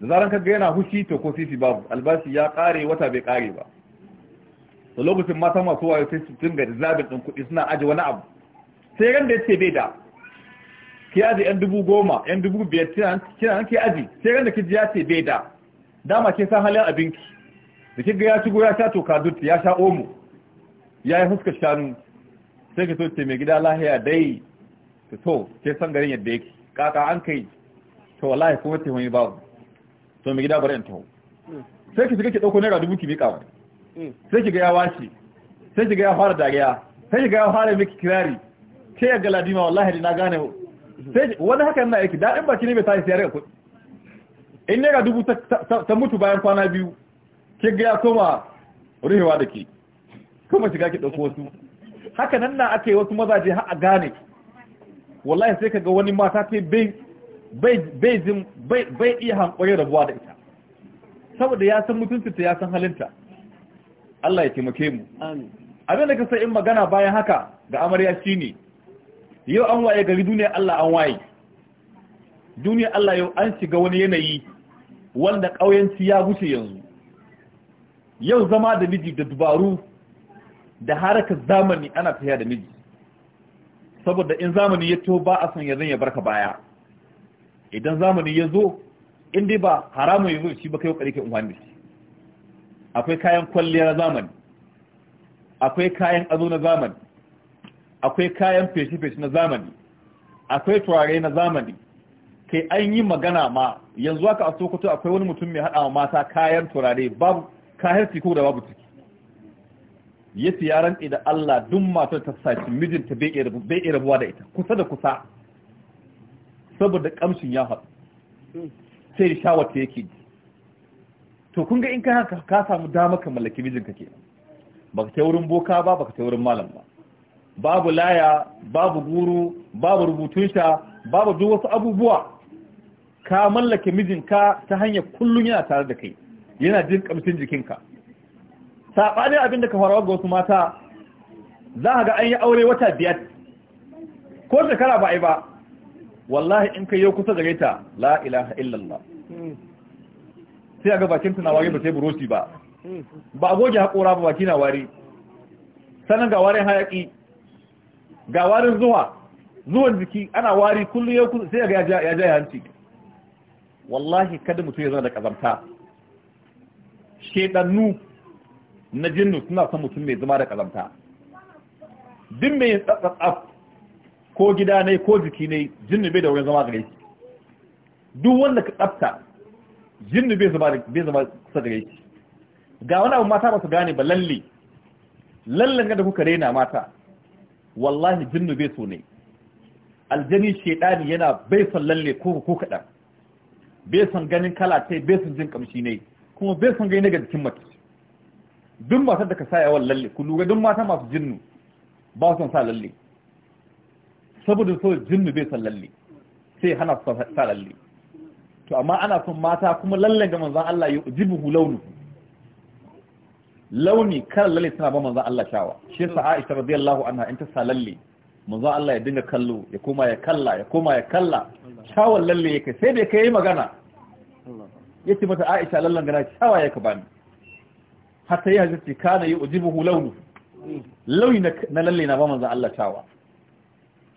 da zaran kaga yana hushi to kosisi babu albashi ya kare wata bai kare ba da lokacin mata masu wayo sai su dinga zabin din kuɗi suna aje wani abu sai ran da yace bai da ki aji yan dubu goma yan dubu biyar kina nan ki aji sai ran da ki ji ya ce bai da dama ke san halin ki da ki ga ya shigo ya sha toka dut ya sha omo ya yi fuskar shanu sai ka so ce mai gida lahiya dai ka so ke san garin yadda yake kaka an kai to wallahi kuma ce wani babu to mai gida bari in taho sai ki shiga ki dauko naira dubu ki miƙa wani sai ki ga ya washe sai ki ga ya fara dariya sai ki ga ya fara miki kirari ke ya ladima wallahi na gane sai wani haka yana aiki daɗin baki ne mai tashi siyar ya kuɗi in ne ga dubu ta mutu bayan kwana biyu ke gaya ya koma ruhewa da ke kuma shiga ki ɗauko wasu haka nan na ake wasu mazaje har a gane wallahi sai ka ga wani mata ta bai bai jin bai iya hankali da ita saboda ya san ta ya san halinta Allah ya taimake mu amin abin da ka sai in magana bayan haka ga amarya ne. yau an waye gari duniya Allah an waye duniya Allah yau an shiga wani yanayi wanda ƙauyenci ya wuce yanzu yau zama da miji da dubaru da harakar zamani ana tafiya da miji saboda in zamani ya to ba a son ya ya barka baya idan zamani ya zo in dai ba haramun ya zo shi ba kai ƙarfi kai da shi akwai kayan kwalliya na zamani akwai kayan azo na zamani akwai kayan feshi-feshi na zamani akwai turare na zamani kai an yi magana ma yanzu haka a sokoto akwai wani mutum mai haɗa mata kayan turare babu kayan ciko da babu ciki ya ce ya rantse da Allah duk matar ta saci mijinta bai iya rabuwa da ita kusa da kusa saboda kamshin ya haɗu sai da shawarta yake ji to kun ga in ka ka samu dama ka mallaki mijinka ke Ba ka ta wurin boka ba ba ka ta wurin malam ba babu laya babu guru babu rubutun sha babu duk wasu abubuwa ka mallake mijinka ta hanyar kullum yana tare da kai yana jin kamshin jikinka saɓanin abin da ka farawa ga wasu mata za ka ga an yi aure wata biyar ko shekara ba a yi ba wallahi in ka yi kusa da la ilaha illallah sai a ga bakin tana wari ba sai buroshi ba ba a goge haƙora ba baki na wari sanan ga warin hayaƙi ga warin zuwa zuwan jiki ana wari kullum yau sai ga ya ja ya hanci wallahi kada mutum ya zama da kazamta shedannu na jinnu suna son mutum mai zama da kazamta din mai tsatsatsaf ko gida ne ko jiki ne jinnu bai da wurin zama gare shi duk wanda ka tsafta jinnu bai zama bai zama kusa gare shi ga wani abu mata ba su gane ba lalle lallan da kuka rena mata wallahi jinnu bai so ne aljani shedani yana bai son lalle ko ko kada bai son ganin kala sai bai son jin kamshi ne kuma bai son gani daga jikin mace duk matar da ka sa yawan lalle ku lura duk mata masu jinnu ba son sa lalle saboda so jinnu bai son lalle sai hana sa lalle to amma ana son mata kuma lallen ga manzon Allah ya ujibuhu launuhu launi kan lalle tana ba manzon Allah shawa shi yasa Aisha radiyallahu anha in ta sa lalle manzon Allah ya dinga kallo ya koma ya kalla ya koma ya kalla shawan lalle yake sai da kai magana yace mata Aisha lallan gana shawa yake bani hatta yi hajjarci kana yi ujibuhu launu launi na lalle na ba manzon Allah shawa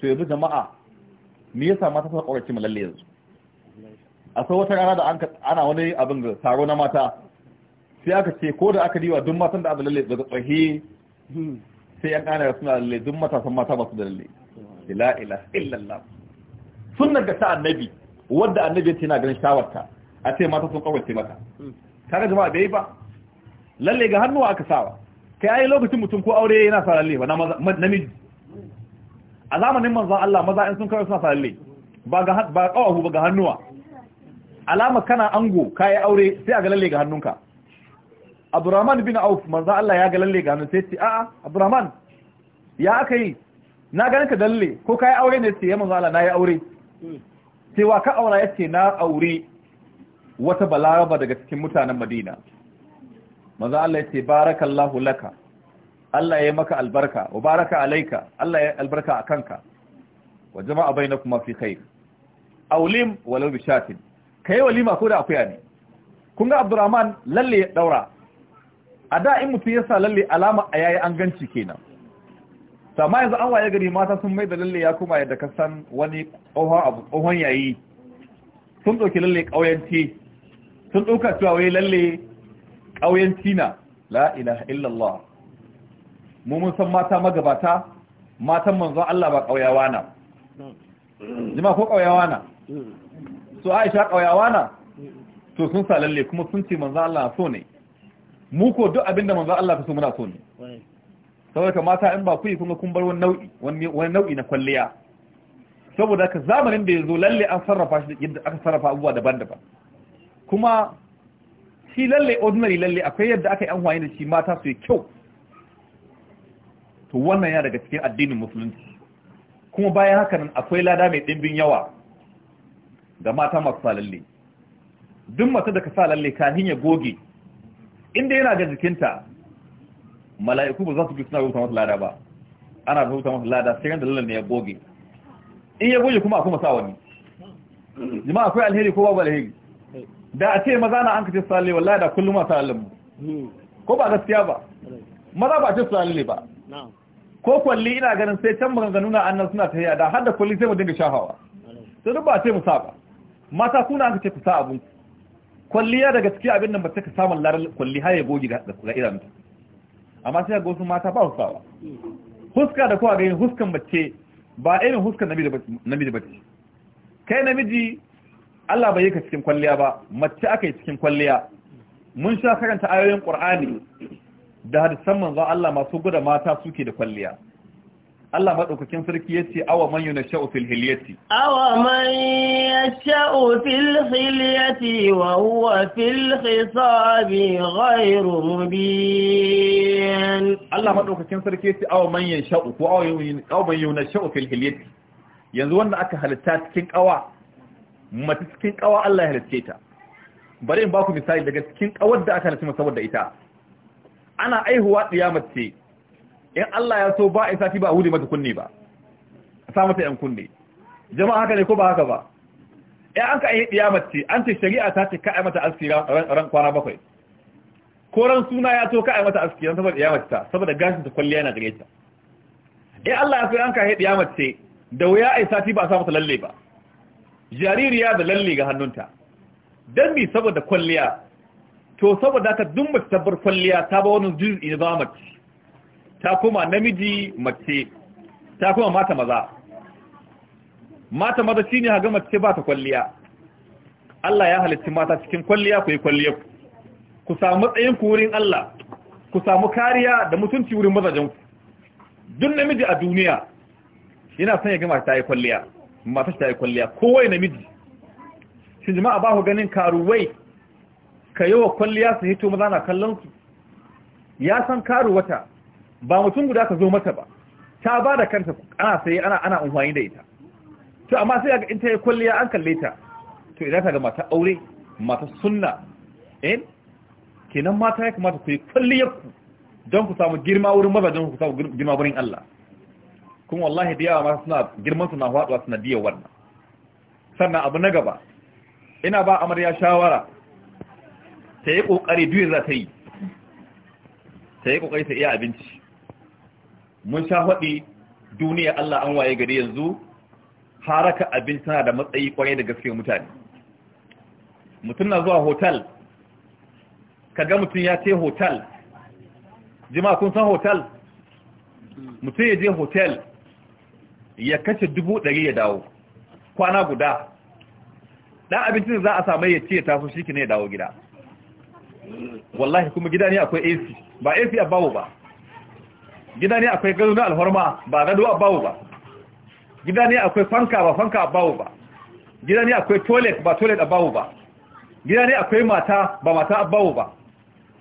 to yanzu jama'a me yasa mata suka ƙorace mu lalle yanzu akwai wata rana da ana wani abin da taro na mata sai aka ce ko da aka diwa duk matan da abu lalle daga tsahi sai yan kana suna lalle duk matasan mata ba su da lalle la ilaha illallah sunnar da ta annabi wanda annabi ya ce na ganin shawarta a ce mata sun kawace mata kaga jama'a bai ba lalle ga hannuwa aka sawa kai ai lokacin mutum ko aure yana sa lalle ba namiji a zamanin manzon Allah maza in sun kawai suna sa lalle ba ga ba kawahu ba ga hannuwa alama kana ango kai aure sai a ga lalle ga hannunka abdurrahman bin auf manzo Allah ya ga lalle ga nan sai ce a'a abdurrahman ya aka yi na ganin ka dalle ko kai aure ne sai ya manzo Allah nayi aure sai wa ka aura yace na aure wata balaraba daga cikin mutanen Madina manzo Allah yace barakallahu laka Allah ya maka albarka wa baraka alayka Allah ya albarka akanka wa jama'a bainakum fi khair aulim walau bi shatin kai walima ko da akuya ne kun ga Abdurrahman lalle ya daura a da in mutum ya sa lalle alama a yayi an ganci kenan sama yanzu an waye gari mata sun mai da lalle ya kuma yadda ka san wani tsohon abu tsohon yayi sun ɗauki lalle ƙauyanci sun ɗauka cewa wai lalle ƙauyenci na la ilaha illallah mu mun san mata magabata matan manzo Allah ba ƙauyawa na jima ko ƙauyawa na so Aisha ƙauyawa na to sun sa lalle kuma sun ce manzo Allah so ne mu ko duk abinda manzo Allah ka so muna so ne saboda mata in ba ku yi kuma kun bar wani nau'i wani nau'i na kwalliya saboda ka zamanin da yazo lalle an sarrafa shi yadda aka sarrafa abubuwa daban-daban kuma shi lalle ordinary lalle akwai yadda aka yi an wayi da shi mata su yi kyau to wannan ya daga cikin addinin musulunci kuma bayan haka nan akwai lada mai dimbin yawa ga mata masu sa lalle duk mata da ka sa lalle ka ya goge inda yana ga jikinta mala'iku ba za su bi suna rubuta masa lada ba ana rubuta masa lada sai yadda da ne ya goge in ya goge kuma akwai masa wani jama'a akwai alheri ko babu alheri da a ce maza na an kace sale wallahi da kullum masa alim ko ba gaskiya ba maza ba a ce sale ba ko kwalli ina ganin sai can maganganu nuna annan suna ta da har da kwalli sai mu dinga shafawa sai duk ba a ce mu sa ba mata kuna an kace ku sa abun ku kwalliya daga cikin abin da mace ka samun larar kwalli har ya goge ga idanta amma sai ga wasu mata ba husawa huska da kowa gani huskan mace ba irin huskan namiji ba kai namiji Allah bai yi ka cikin kwalliya ba mace aka yi cikin kwalliya mun sha karanta ayoyin Qur'ani da hadisan manzo Allah masu guda mata suke da kwalliya Allah maɗaukakin sarki ya ce awa man yuna sha'u fil hilyati awa man yasha'u fil hilyati wa huwa fil hisabi ghairu mubin Allah maɗaukakin sarki ya ce awa man yasha'u ko awa man yuna sha'u fil hilyati yanzu wanda aka halitta cikin ƙawa, mace cikin ƙawa Allah ya halitta ta bari in baku misali daga cikin ƙawar da aka halitta saboda ita ana aihuwa ɗiya mace in Allah ya so ba a sati ba a hude mata kunne ba a sa mata yan kunne jama'a haka ne ko ba haka ba in an ka yi kiyamar ce an ce shari'a ta ce ka'a mata aski ran kwana bakwai ko ran suna ya to ka'a mata aski ran saboda kiyamar ta saboda gashin ta kwalliya na gare ta in Allah ya so an ka yi kiyamar ce da wuya a sati ba a sa mata lalle ba jaririya da lalle ga hannunta dan bi saboda kwalliya to saboda ta dumba ta tabbar kwalliya ta ba wani juz'i na mace ta koma namiji mace ta koma mata maza mata maza shine haga mace ba ta kwalliya Allah ya halitta mata cikin kwalliya ku yi kwalliya ku samu matsayin ku wurin Allah ku samu kariya da mutunci wurin mazajen ku duk namiji a duniya yana son ya gama ta yi kwalliya mata ta yi kwalliya kowai namiji Shin jama'a ba ku ganin karuwai ka yi wa kwalliya su hito maza na kallon su ya san karu wata ba mutum guda ka zo mata ba ta ba da kanta ana sai ana ana amfani da ita to amma sai ga in ta yi kwalliya an kalle ta to idan ka ga mata aure mata sunna eh kenan mata ya kamata ku yi kwalliyar ku don ku samu girma wurin don ku samu girma wurin Allah kuma wallahi da yawa masu suna girman na faduwa suna diya wannan sannan abu na gaba ina ba amarya shawara ta yi kokari duya za ta yi ta yi kokari ta iya abinci mun sha faɗi duniya Allah an waye gari yanzu haraka abin tana da matsayi kwarai da gaske mutane mutum na zuwa hotel kaga mutum ya ce hotel jima kun san hotel mutum ya je hotel ya kace dubu ɗari ya dawo kwana guda ɗan abincin za a samu ya ce taso shi ne ya dawo gida wallahi kuma gida ne akwai ac ba ac a bawo ba gida ne akwai gado na alhorma ba gado a bawo ba gida ne akwai fanka ba fanka a bawo ba gida ne akwai toilet ba toilet a bawo ba gida ne akwai mata ba mata a bawo ba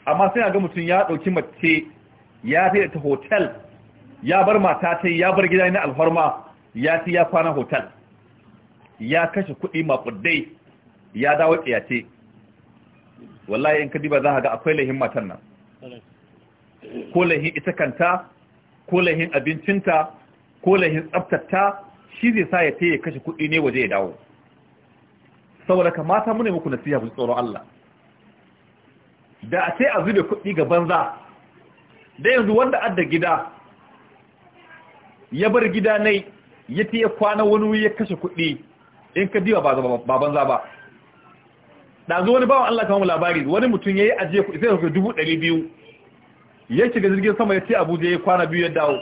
amma sai ga mutum ya dauki mace ya fi ta hotel ya bar mata ta ya bar gida na alhorma ya fi ya kwana hotel ya kashe kuɗi maƙudai ya dawo ƙiyace wallahi in ka diba za ga akwai laihin matan nan ko laihin ita kanta ko lahin abincinta ko lahin tsaftata, shi zai sa ya ta ya kashe kuɗi ne waje ya dawo saboda ka mata mune muku nasiha ku tsoron Allah da a ce a zube kuɗi ga banza da yanzu wanda adda gida ya bar gida nai ya fi ya kwana wani wuri ya kashe kuɗi in ka diwa ba banza ba da wani bawan Allah kawo labari wani mutum ya yi ajiye kuɗi sai da dubu ɗari biyu ya shiga jirgin sama ya ce abuja ya kwana biyu ya dawo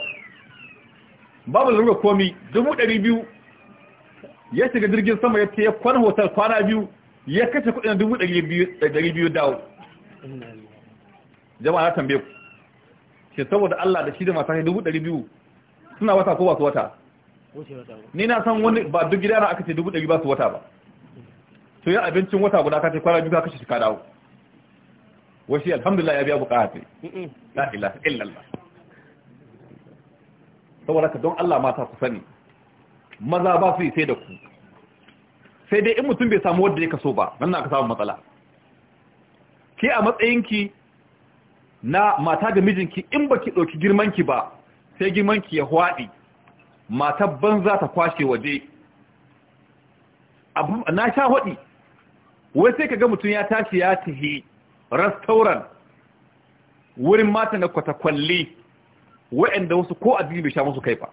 babu lura komi dubu ɗari biyu ya shiga jirgin sama ya ce ya kwana hotel kwana biyu ya kashe kudin dubu ɗari biyu dawo jama'a na tambaye ku ke saboda Allah da shi da masu dubu ɗari biyu suna wata ko ba su wata ni na san wani ba duk gida na aka ce dubu ɗari ba su wata ba to ya abincin wata guda ka ce kwana biyu ka kashe shi ka dawo washi alhamdulillah ya biya bukata la ilaha illallah saboda ka don Allah mata ku sani maza ba su yi sai da ku sai dai in mutum bai samu wanda ya kaso ba nan na ka samu matsala ke a matsayinki na mata da mijinki in baki dauki girmanki ba sai girmanki ya hwadi mata banza ta kwashe waje na sha hwadi wai sai kaga mutum ya tashi ya tihi restaurant wurin mata na kwatakwalli waɗanda wasu ko addini bai sha musu kai ba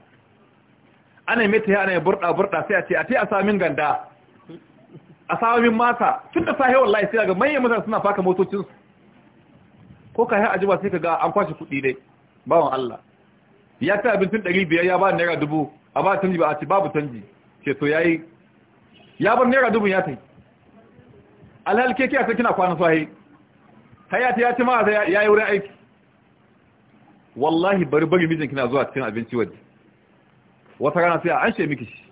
ana yi ta yana burda burda sai a ce a ce a samin ganda a samin mata tun da sahi wallahi sai ga manyan mutane suna faka motocinsu ko ka a jiba sai ka ga an kwashe kuɗi dai bawan Allah ya ta abincin ɗari biyar ya ba naira dubu a ba canji ba a ci babu canji ke to yayi ya bar naira dubu ya yi. alhal ke ke a kina kwanan sahi hayati ya ci ma ya yi wurin aiki wallahi bari bari mijinki na zuwa cikin abinci wadda wata rana sai a anshe miki shi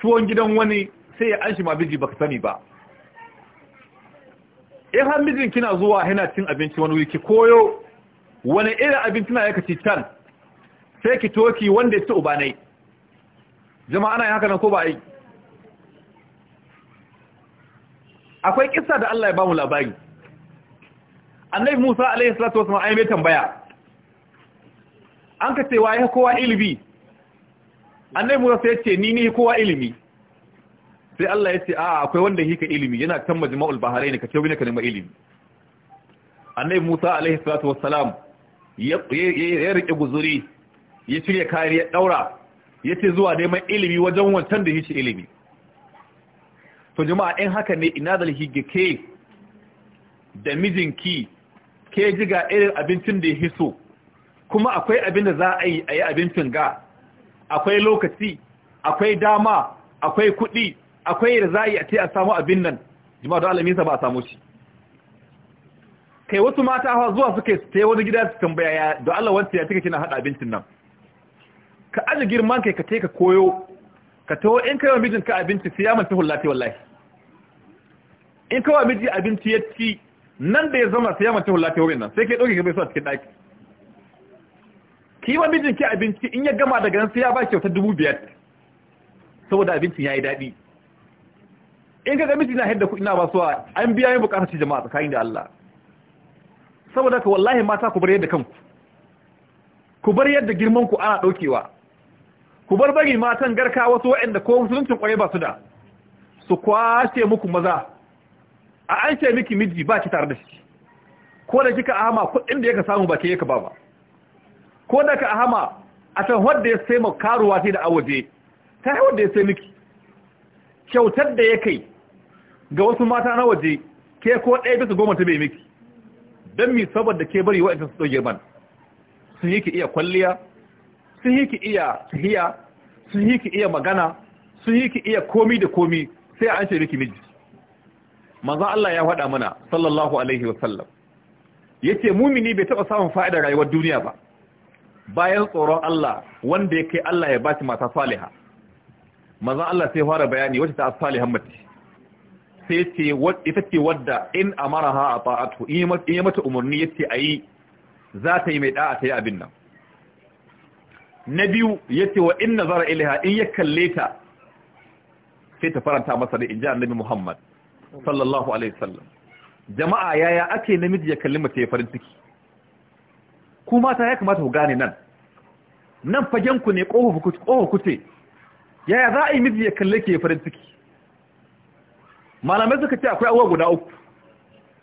tuwon gidan wani sai ya shi ma biji baka sani ba in har mijinki na zuwa yana cin abinci wani wiki koyo wani irin abinci na yaka ci can sai ki toki wanda ya ci ubanai jama'a ana yi haka nan ko ba yi akwai kisa da Allah ya ba mu labari annabi Musa alayhi salatu wasallam ai mai tambaya an ka ce waye kowa ilimi annabi Musa sai ce ni ne kowa ilimi sai Allah ya ce a akwai wanda yake ilimi yana kan majma'ul baharaini ka ce wani ka nemi ilimi annabi Musa alayhi salatu wa ya ya rike guzuri ya cire kayan ya daura ce zuwa neman ilimi wajen wancan da yake ilimi to jama'a in haka ne ina da ke da mijinki ke ji ga irin abincin da ya hiso kuma akwai abin da za a yi a yi abincin ga akwai lokaci akwai dama akwai kuɗi akwai da za a yi a ce a samu abin nan jima'a da alaminsa ba a samu shi kai wasu mata hawa zuwa suka yi wani gida su tambaya ya da Allah wancan ya shi kina haɗa abincin nan ka aji girman kai ka ce ka koyo ka taho in kai wa mijin ka abinci sai ya manta hullati wallahi in kawai miji abinci ya ci nan da ya zama sai ya mace hulata wurin nan sai ke ɗauke ka bai su a cikin ɗaki ki wa mijin ki abinci in ya gama daga nan sai ya ba kyauta dubu biyar saboda abincin ya yi daɗi in ka ga miji na haidda kuɗi na ba a an biya yin bukatar jama'a tsakanin da Allah saboda ka wallahi mata ku bar yadda kanku ku bar yadda girman ku ana ɗaukewa ku bar bari matan garka wasu waɗanda ko musuluncin ƙwarai ba su da su kwashe muku maza a an ce miki miji ba ki tare da shi ko da kika ahama kudin da yaka samu ba ke yaka ba ba ko da ka ahama a san wadda ya sai ma karuwa sai da awaje ta yi wadda ya sai miki kyautar da ya kai ga wasu mata na waje ke ko ɗaya bisa goma ta bai miki don mi saboda ke bari wa'in su ɗauke man sun yi ki iya kwalliya sun yi ki iya tahiya sun yi ki iya magana sun yi ki iya komi da komi sai an ce miki miji manzo Allah ya faɗa mana sallallahu alaihi wasallam yace mumini bai taba samun fa'ida rayuwar duniya ba bayan tsoron Allah wanda ya kai Allah ya ba shi mata saliha manzo Allah sai fara bayani wacce ta salihan mace sai ita ce wadda in amaraha ata'atu in yi mata umarni yace ayi za ta yi mai da'a ta yi abin nan na biyu yace wa in nazara ilaiha in ya kalle ta sai ta faranta masa da inji annabi Muhammad sallallahu alaihi sallam. jama'a yaya ake namiji ya kalli mace ya farin ciki ku mata ya kamata ku gane nan nan fagen ku ne kohon ku ce yaya za a yi miji ya kalle ke farin ciki malamai suka ce akwai abubuwa guda uku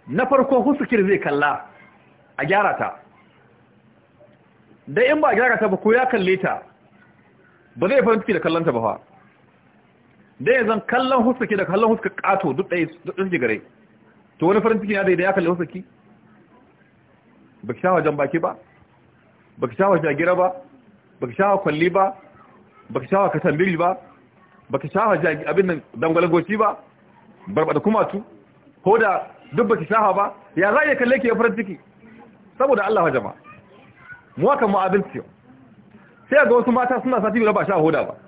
na farko husukir zai kalla a gyara ta dai in ba gyara ta ba ko ya kalle ta ba zai farin ciki da kallanta ba fa da ya zan kallon huskaki da kallon huska kato duk ɗaya suke gare to wani farin ciki na daidai ya kalli huskaki ba ki sha wajen baki ba ba ki sha jagira ba ba ki sha kwalli ba ba ki sha katambiri ba ba ki sha abin nan dangwalen goci ba barbada tu ko da duk ba ki shawa ba ya za a iya kalle ki ya farin ciki saboda Allah wa jama'a mu haka mu abin siyo sai ga wasu mata suna sati guda ba sha hoda ba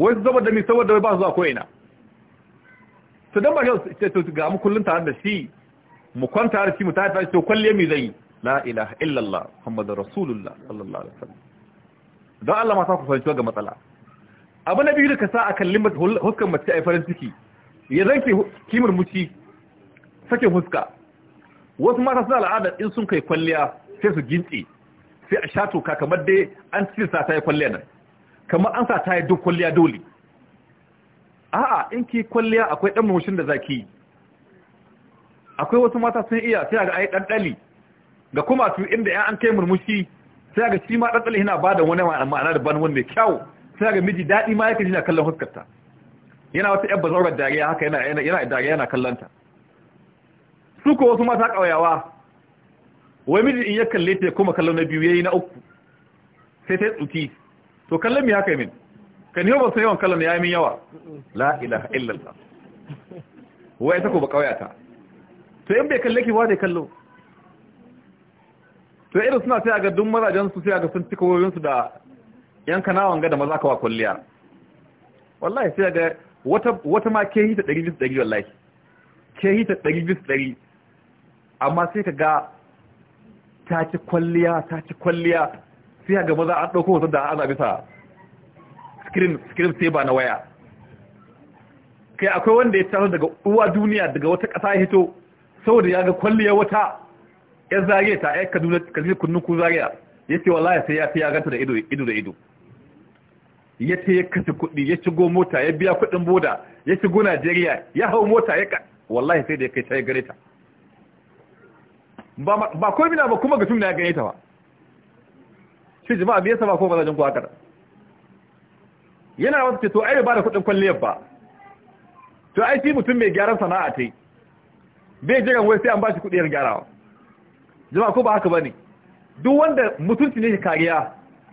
wai saboda mi saboda ba su zuwa ko'ina to don ba shi ce to ga mu kullum tare da shi mu kwanta da shi mu shi to kwalliya mai zai la ilaha illallah muhammadur rasulullah sallallahu alaihi wasallam don Allah ma ta ku fahimci ga matsala abu na biyu da ka sa a kallin huskar mace a farin ciki ya zanke kimar muci sake huska wasu mata suna al'ada in sun kai kwalliya sai su gintse sai a sha toka kamar dai an cire sa ta yi kwalliya nan kamar an sa ta yi duk kwalliya dole a'a in ki kwalliya akwai dan murmushin da za ki yi akwai wasu mata sun iya sai ga yi ɗanɗali ga kuma su inda ya an kai murmushi sai ga shi ma ɗanɗali yana ba da wani ma'ana da ban wanda kyau sai ga miji daɗi ma yake jina kallon huskarta yana wata yabba zaurar dariya haka yana yana dariya yana kallonta su ko wasu mata ƙauyawa wai miji in ya kalle ta kuma kallon na biyu yayi na uku sai ta tsuki to kallon me haka yi min kan yau ba sai yawan kallon ya yi min yawa la ilaha illallah wa ya ko ba kauyata to in bai kalle ki ba zai kallo to irin suna sai ga dun mazajen su sai ga sun cika wayoyinsu da yan kanawan ga da maza kawa kulliya wallahi sai a ga wata wata ma ke hita bis, ɗari wallahi ke hita bis, ɗari. amma sai ka ga ta ci kwalliya ta ci kwalliya sai ga maza an ɗauko hoton da ana bisa screen saver na waya kai akwai wanda ya tsaro daga uwa duniya daga wata ƙasa ya hito saboda ya ga kwalliyar wata yan zariya ta ya kaduna kaduna kunnun ku zariya ya ce wallahi sai ya sai ya ganta da ido ido da ido ya ce ya kashe kuɗi ya shigo mota ya biya kuɗin boda ya shigo najeriya ya hau mota ya wallahi sai da ya kai ta ya gare ta ba komina ba kuma ga tun da ya gane ta ba sai jama'a me yasa ba ko mazajin ku yana wata to ai ba da kudin kwalliyar ba to ai shi mutum mai gyaran sana'a ta yi bai jiran wai sai an bashi kudiyar gyarawa jama'a ko ba haka ba ne duk wanda mutunci ne kariya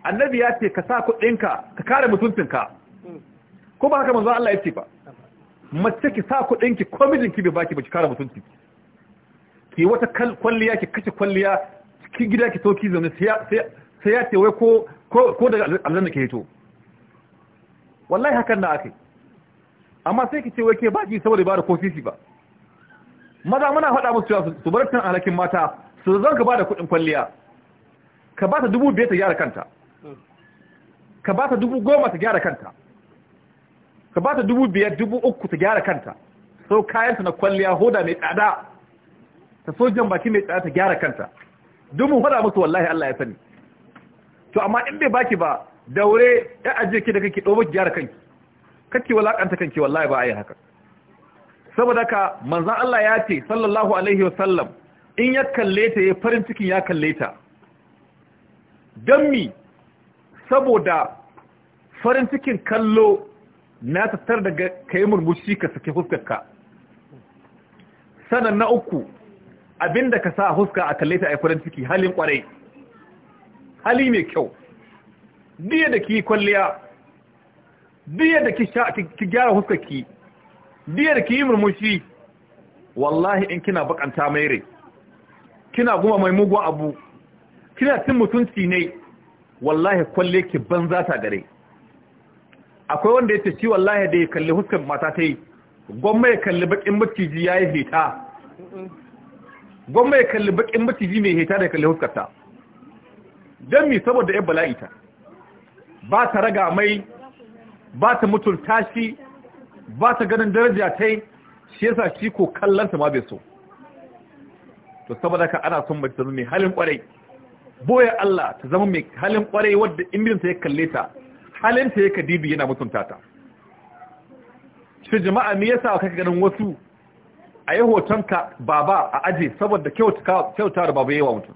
annabi ya ce ka sa kudinka ka kare mutuncinka ko ba haka manzo Allah ya ce ba mace ki sa kudinki ko mijinki bai baki ba ki kare mutunci ki wata kwalliya ki kace kwalliya ki gida ki toki zaune sai sai ya ce wai ko ko daga aljanna ke hito wallahi hakan na akai amma sai ki ce wai ke baki saboda ba da kofisi ba maza muna faɗa musu cewa su bar tan alakin mata su zan ka bada kuɗin kwalliya ka ba ta dubu biyar ta gyara kanta ka ba ta dubu goma ta gyara kanta ka ba ta dubu biyar dubu uku ta gyara kanta sau ta na kwalliya hoda mai tsada ta sojan baki mai tsada ta gyara kanta Dubu faɗa musu wallahi Allah ya sani to amma in bai baki ba daure ya ajiye ki da kake dobo gyara kanki kake walakanta kanki wallahi ba ai haka saboda ka manzon Allah ya ce sallallahu alaihi wa sallam in ya kalle ta ya farin cikin ya kalle ta dan mi saboda farin cikin kallo na tattar daga kai murmushi ka saki ka sanan na uku abinda ka sa huska a kalle ta ai farin ciki halin kwarai hali mai kyau diya da ki kwalliya diya da ki gyara huskarki diya da ki yi murmushi wallahi in kina bakanta mai rai kina goma mai mugun abu kina cin mutunci ne wallahi kwalle ki banza ta gare akwai wanda ya ceci shi wallahi da ya kalli huskar mata ta yi gwamma ya kalli bakin maciji ya yi heta gwamma ya kalli bakin maciji mai heta da ya kalli huskarta don mi saboda ya bala'i ta ba ta raga mai ba ta mutunta shi ba ta ganin daraja ta yi shi yasa shi ko kallonta ma bai so to saboda ka ana son mace ta zama mai halin kwarai boye Allah ta zama mai halin kwarai wadda imirinta ya kalle ta halinta ya kadibi yana mutunta ta shi jama'a mi yasa kake ganin wasu a yi hotonka baba a aje saboda kyauta da baba yawa mutum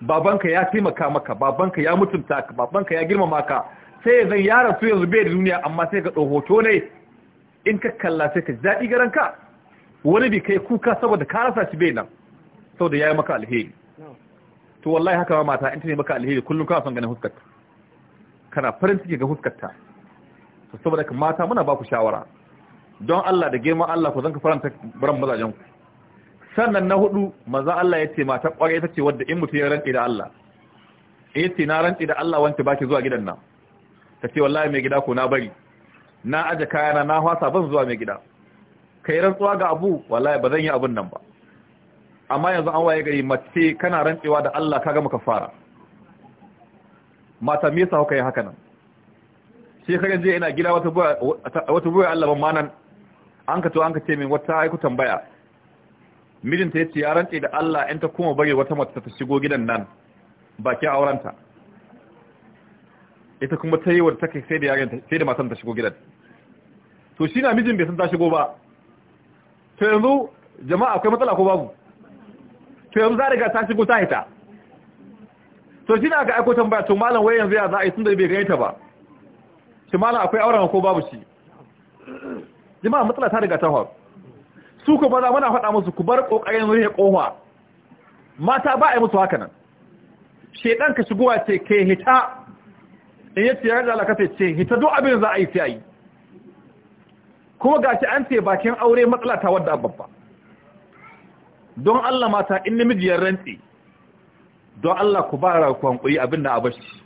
babanka ya taimaka maka babanka ya mutunta ka babanka ya girmama ka sai zan yara su yanzu bai da duniya amma sai ka ɗau hoto ne in ka kalla sai ka daɗi garan ka wani bi kai kuka saboda ka rasa shi bai nan saboda ya yi maka alheri to wallahi haka ma mata in ta maka alheri kullum kana son ganin huskarta kana farin ciki ga huskarta to saboda mata muna ba ku shawara don Allah da girman Allah ku ka faranta baran mazajen ku sannan na hudu manzo Allah yace mata kware ta ce wadda in mutum ya rantsi da Allah eh, yace na rantsi da Allah wanda baki zuwa gidan nan tace wallahi mai gida ko na bari na aje kayana na hwasa ban zuwa mai gida kai rantsuwa ga abu wallahi bazan yi abun nan ba amma yanzu an waye gari mace kana rantsewa da Allah kaga maka fara mata me yasa kuka yi haka nan sai kaga je ina gida wata buya wata buya Allah ban manan an ka to an ka ce min wata aiku tambaya mijinta ya ce ya rantse da Allah in ta kuma bari wata mace ta shigo gidan nan baki aurenta ita kuma ta yi wa ta kai sai da yaren sai da matan ta shigo gidan to shi na mijin bai san ta shigo ba to yanzu jama'a akwai matsala ko babu to yanzu za riga ta shigo ta hita to shi na ga aiko tambaya to malam wai yanzu ya za a yi tun da bai gani ta ba shi malam akwai auren ko babu shi jama'a matsala ta riga ta faru su ku maza muna faɗa musu ku bar ƙoƙarin ya ƙofa mata ba a yi musu haka nan shaidan ka shigowa ce ke hita in yi tsirar da alaƙa sai ce hita duk abin za a yi fiye kuma ga shi an ce bakin aure matsala ta wadda babba don Allah mata in namiji ya rantse don Allah ku ba ra kwankuri abin da abashi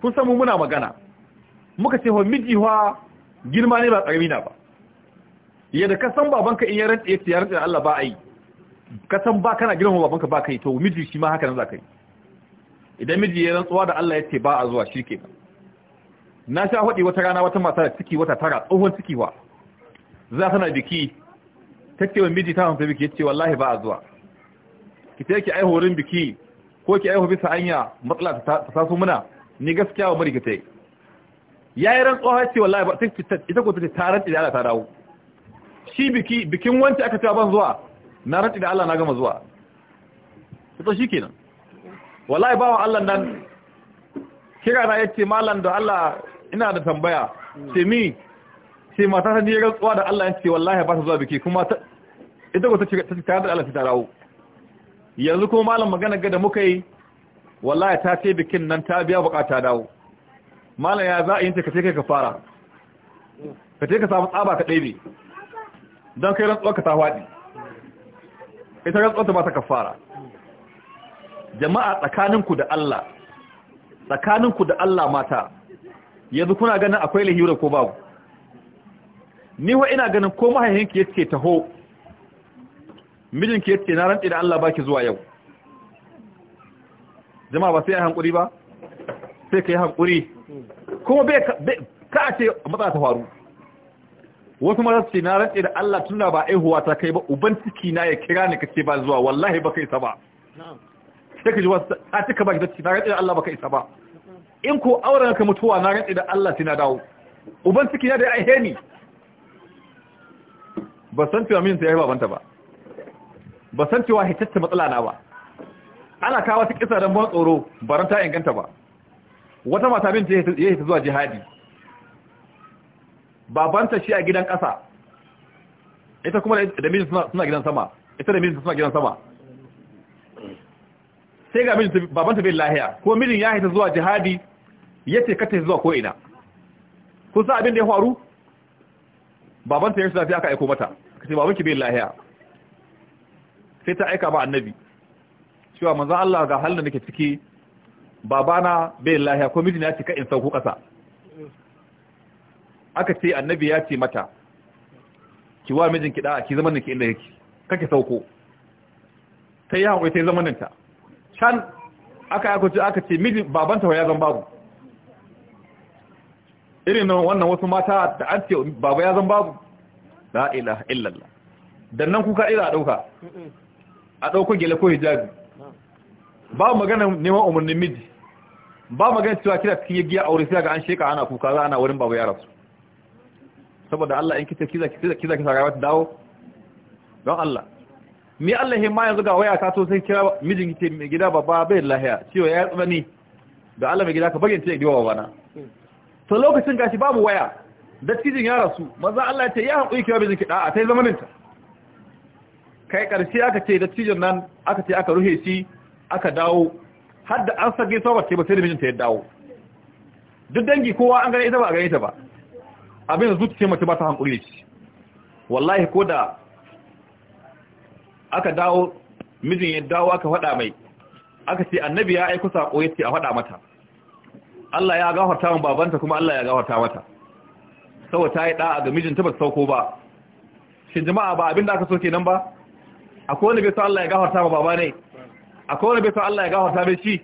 kun samu muna magana muka ce wa miji wa girma ne ba karami na ba yadda ka san babanka in ya rantsa ya da Allah ba ai ka san ba kana girma babanka ba kai to miji shi ma haka nan za ka yi idan miji ya rantsuwa da Allah ya ce ba a zuwa shi ke na sha hudi wata rana wata mata da ciki wata tara tsohon ciki wa za na biki ta ce wa miji ta hamsa biki ya ce wallahi ba a zuwa ki ta yake aiho wurin biki ko ki aiho bisa hanya matsala ta taso muna ni gaskiya wa mari ka ta yi ya yi rantsuwa ya ce wallahi ba ita ko ta ce ta rantsi da Allah ta dawo shi biki bikin wancan aka cewa ban zuwa na rati da Allah na gama zuwa to shi kenan wallahi bawa Allah nan kira na yace mallan da Allah ina da tambaya sai mi sai mata ta ne rantsuwa da Allah yace wallahi ba ta zuwa biki kuma ta ita ko ta ci ta tare da Allah ta rawo yanzu kuma mallan magana ga da muka yi wallahi ta ce bikin nan ta biya bukata dawo mallan ya za a yin ta ka sai kai ka fara ka sai ka samu tsaba ka ɗebe don kai rantsuwa ka ta faɗi ita rantsuwa ta ba ta kafara jama'a tsakaninku da Allah tsakaninku da Allah mata yanzu kuna ganin akwai lahira ko babu ni wa ina ganin ko mahaihinki yace taho mijinki yace na rantsi da Allah baki zuwa yau jama'a ba sai ai hankuri ba sai kai hankuri kuma bai ka a ce matsa ta faru wasu mara su ce na rantse da Allah tunda ba aihuwa ta kai ba uban ciki na ya kira ni kace ba zuwa wallahi baka isa ba sai ka ji wasu ta cika ba gidanci na rantse da Allah baka isa ba in ko auren ka mutuwa na rantse da Allah sai na dawo uban ciki na da ya aihe ni ba san cewa min sai ya babanta ba ba san cewa hitacce matsala na ba ana kawo ta kisa dan ban tsoro baranta inganta ba wata mata min ta yi zuwa jihadi babanta shi a gidan ƙasa ita kuma da mijin suna gidan sama ita da mijin suna gidan sama sai ga mijin babanta bai lahiya ko mijin ya haita zuwa jihadi ya ce kata zuwa ko'ina kun sa abin da ya faru babanta ya shi lafiya aka aiko mata kasi babanki bai lahiya sai ta aika ba annabi cewa manzan Allah ga halin da nake ciki babana bai lahiya ko mijin ya ce ka in sauko ƙasa aka ce annabi ya ce mata ki wa mijin ki da'a ki zaman nan ki inda yake kake sauko ta yi hankali ta zaman nan ta can aka yi ce aka ce mijin babanta wa ya zan babu irin nan wannan wasu mata da an ce babu ya zan babu la ilaha illallah dan nan kuka ira a dauka a dauko gele ko hijabi ba magana neman umarnin miji ba magana cewa kira cikin giya aure sai ga an sheka ana kuka za ana wurin baba ya rasu saboda Allah in kita kiza kiza kiza kiza ga wata dawo don Allah ni Allah he ma yanzu ga waya ka to sai kira mijin ki mai gida baba bai lahiya ciwo ya tsani da Allah mai gida ka bagin ce diwa baba na to lokacin gashi babu waya dattijin ya rasu maza Allah ya ce ya hankuri kira mijin ki a tai zamanin ta kai karshe aka ce dattijin nan aka ce aka ruhe shi aka dawo har da an sage sobar ce ba sai da mijinta ya dawo duk dangi kowa an gane ita ba a gane ta ba abin da ce mace ba ta hankuri shi wallahi ko da aka dawo mijin ya dawo aka faɗa mai aka ce annabi ya aiko sako ya ce a faɗa mata Allah ya gafarta min babanta kuma Allah ya gafarta mata saboda ta yi da'a ga mijinta ba sauko ba shin jama'a ba abin da aka so kenan ba akwai wani bai so Allah ya gafarta ma baba ne akwai wani bai so Allah ya gafarta mai shi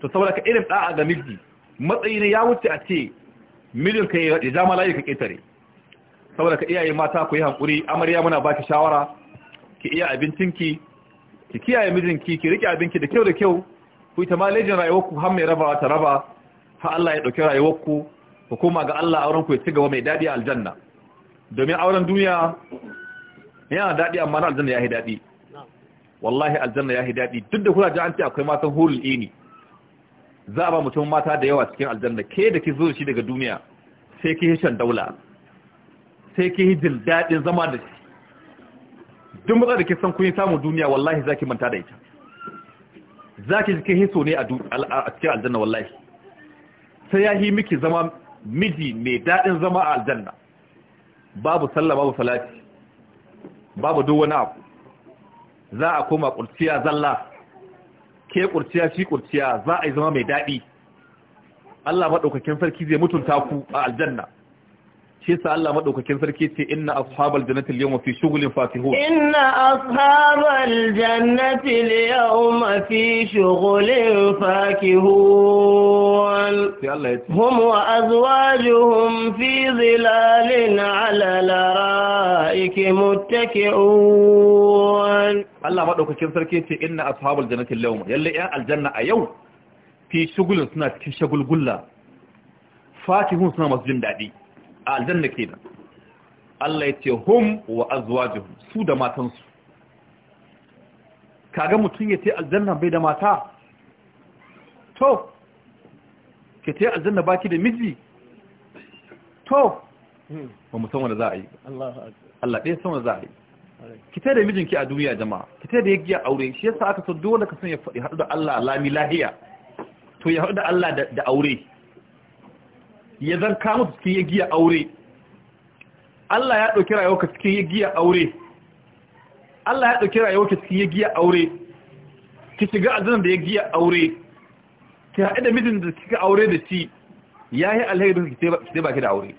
to saboda ka irin da'a ga miji matsayi ne ya wuce a ce mijin ka ya zama layi ka ƙetare saboda ka iyaye mata ku yi hankuri amarya muna baki shawara ki iya abincinki ki kiyaye mijinki ki rike abinki da kyau da kyau ku yi lejin rayuwarku har mai rabawa ta raba har Allah ya ɗauki rayuwarku ku koma ga Allah auren ku ya ci gaba mai daɗi a aljanna domin auren duniya yana daɗi amma na aljanna ya yi daɗi wallahi aljanna ya yi daɗi duk da kuna ji an ce akwai matan hulul ini za a ba mutum mata da yawa cikin aljanna ke da ki zo shi daga duniya sai ki hishan daula sai ki hijin daɗin zama da shi duk matsa da ki san kun yi samun duniya wallahi za ki manta da ita za ki ke hiso ne a cikin aljanna wallahi sai ya yi miki zama miji mai daɗin zama a aljanna babu sallah babu salati babu duk wani abu za a koma ƙulciya zalla ke kurciya shi kurciya za a yi zama mai daɗi Allah maɗaukakin sarki zai mutunta ku a aljanna shi yasa Allah maɗaukakin sarki ce inna ashabal jannati al-yawma fi shughulin fatihun inna ashabal jannati al-yawma fi shughulin fakihun hum wa azwajuhum fi zilalin 'ala lara'iki muttaki'un Allah madaukakin sarki ce inna ashabul jannati al-yawma yalla ya aljanna a yau fi shugulun suna cikin shagulgulla fatihun suna masu jin daɗi a aljanna kenan Allah ya ce hum wa azwajuhum su da matansu kaga mutun ya ce aljanna bai da mata to ke ce aljanna baki da miji to ba mu san wanda za a yi Allah ɗaya san wanda za a yi ki da mijinki a duniya jama'a ki da yaggiya aure shi yasa aka so dole ka san ya faɗi haɗu da Allah lami lahiya to ya haɗu da Allah da aure ya zan kama su cikin yaggiya aure Allah ya ɗauki rayuwarka cikin yaggiya aure Allah ya ɗauki rayuwarka cikin yaggiya aure ki shiga azanan da yaggiya aure ki haɗu da mijin da kika aure da shi yayi alheri ki ba baki da aure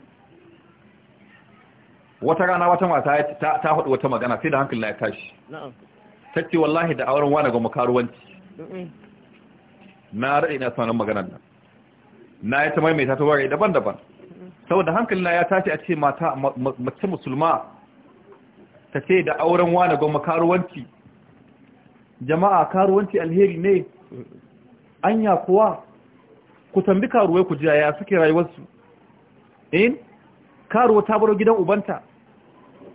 wata rana wata mata ta haɗu wata magana sai da hankali na ya tashi ta ce wallahi da auren wani ga makaruwanci na raɗe na sanar maganar nan na ya ta maimaita ta wari daban-daban saboda hankali na ya tashi a ce mata mace musulma ta ce da auren wani ga makaruwanci jama'a karuwanci alheri ne anya kuwa ku tambi karuwai ku jiya ya suke rayuwarsu in karuwa ta baro gidan ubanta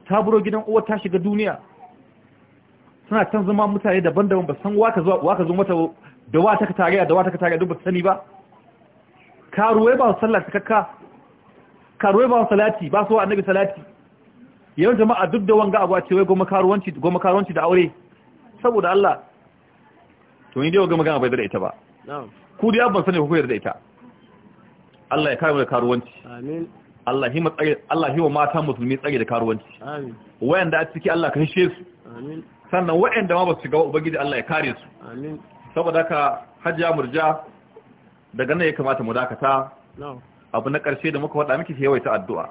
ta buro gidan uwa ta shiga duniya suna can zama mutane daban-daban ba san waka zuwa zo mata da wa ta tare da wa ta tare duk ba sani ba karuwai ba su sallah takakka karuwai ba salati ba su annabi salati yawan jama'a duk da wanga abu a ce wai goma karuwanci goma karuwanci da aure saboda Allah to ni dai ga magana bai da ita ba ku dai abban sani ku koyar da ita Allah ya kare mu da karuwanci amin Allah yi wa mata musulmi tsage da karuwanci wayanda a ciki Allah ka su sannan wayanda ma ba su shiga ubangiji Allah ya kare su saboda ka hajjia murja daga nan ya kamata mu dakata abu na karshe da muka faɗa miki yawaita addu'a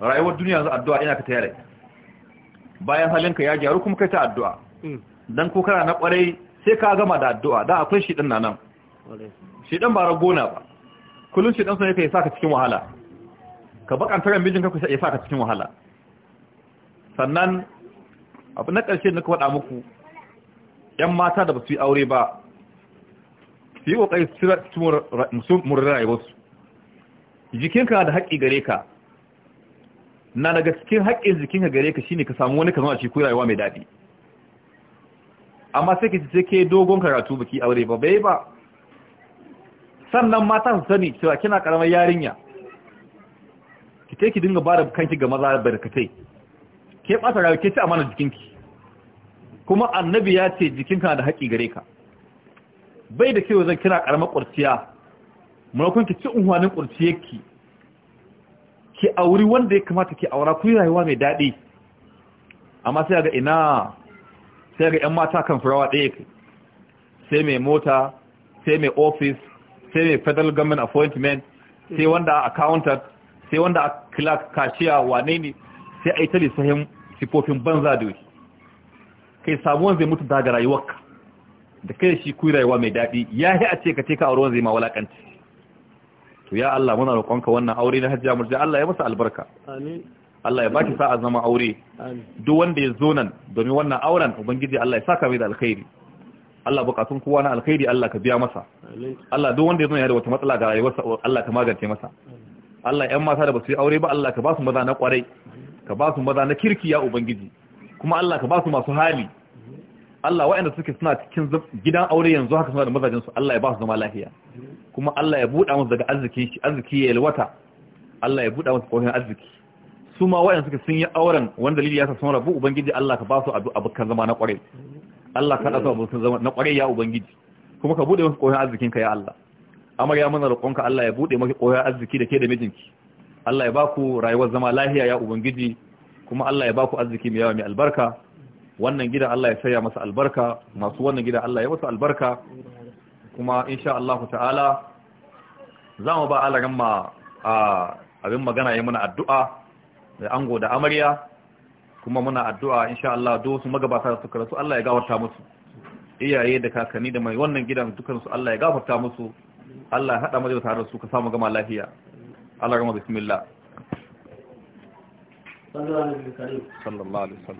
rayuwar duniya yanzu addu'a ina ka tayar bayan halinka ya gyaru kuma kai ta addu'a mm. dan ko kana na kwarai sai ka gama da addu'a da akwai shi din nan shi dan ba ragona ba kullun shi dan sai kai saka cikin wahala ka bakantar mijin ka sai ya saka cikin wahala sannan abu na ƙarshe na ka muku ‘yan mata da ba su yi aure ba su yi ƙoƙari su murar rayuwarsu jikinka da haƙƙi gare ka na daga cikin haƙƙin jikinka gare ka shine ka samu wani ka zama cikin rayuwa mai daɗi amma sai ka ce ke dogon karatu baki aure ba bai ba sannan mata su sani cewa kina ƙaramar yarinya ki ta ki dinga bada kanki ga maza barkatai ke bata rayu ke ci amana jikinki kuma annabi ya ce jikinka da haƙi gare ka bai da cewa zan kina karamar ƙurciya mulakun ki ci unhwanin ƙurciyarki ki auri wanda ya kamata ki aura ku rayuwa mai daɗi amma sai ga ina sai ga ƴan mata kan furawa ɗaya kai sai mai mota sai mai office sai mai federal government appointment sai wanda accountant sai wanda a kashiya wane ne sai a yi tali sahin sifofin banza da wuce. kai samu wanzai mutu daga rayuwarka da kai shi kuyi rayuwa mai daɗi ya yi a ce ka ce ka auren zai ma walakanci to ya Allah muna roƙonka wannan aure na hajjiya murja Allah ya masa albarka Allah ya baki sa'a zama aure duk wanda ya zo nan domin wannan auren ubangiji Allah ya saka mai da alkhairi Allah bukatun kowa na alkhairi Allah ka biya masa Allah duk wanda ya zo ya da wata matsala ga rayuwarsa Allah ka magance masa Allah ƴan mata da ba su yi aure ba Allah ka ba su maza na kwarai ka ba su maza na kirki ya ubangiji kuma Allah ka ba su masu hali Allah waɗanda suke suna cikin gidan aure yanzu haka suna da mazajen su Allah ya ba su zama lafiya kuma Allah ya buɗa musu daga arziki shi arziki ya yalwata Allah ya buɗa musu kofin arziki su ma waɗanda suke sun yi auren wanda dalili ya sa sun rabu ubangiji Allah ka ba su abokan zama na kwarai Allah ka da su abokan zama na kwarai ya ubangiji kuma ka buɗe musu kofin arzikin ka ya Allah amarya mana roƙonka Allah ya bude maki koyar arziki da ke da mijinki Allah ya baku rayuwar zama lahiya ya ubangiji kuma Allah ya baku arziki mai yawa mai albarka wannan gida Allah ya saya masa albarka masu wannan gida Allah ya masa albarka kuma insha Allah ta'ala za mu ba alaran ma abin magana ya muna addu'a da ango da amarya kuma muna addu'a insha Allah do su magabata da suka rasu Allah ya gafarta musu iyaye da kakanni da mai wannan gidan dukansu Allah ya gafarta musu Allah ya haɗa majalisa da su ka samu gama lafiya Allah ya gama bismillah sallallahu alaihi wasallam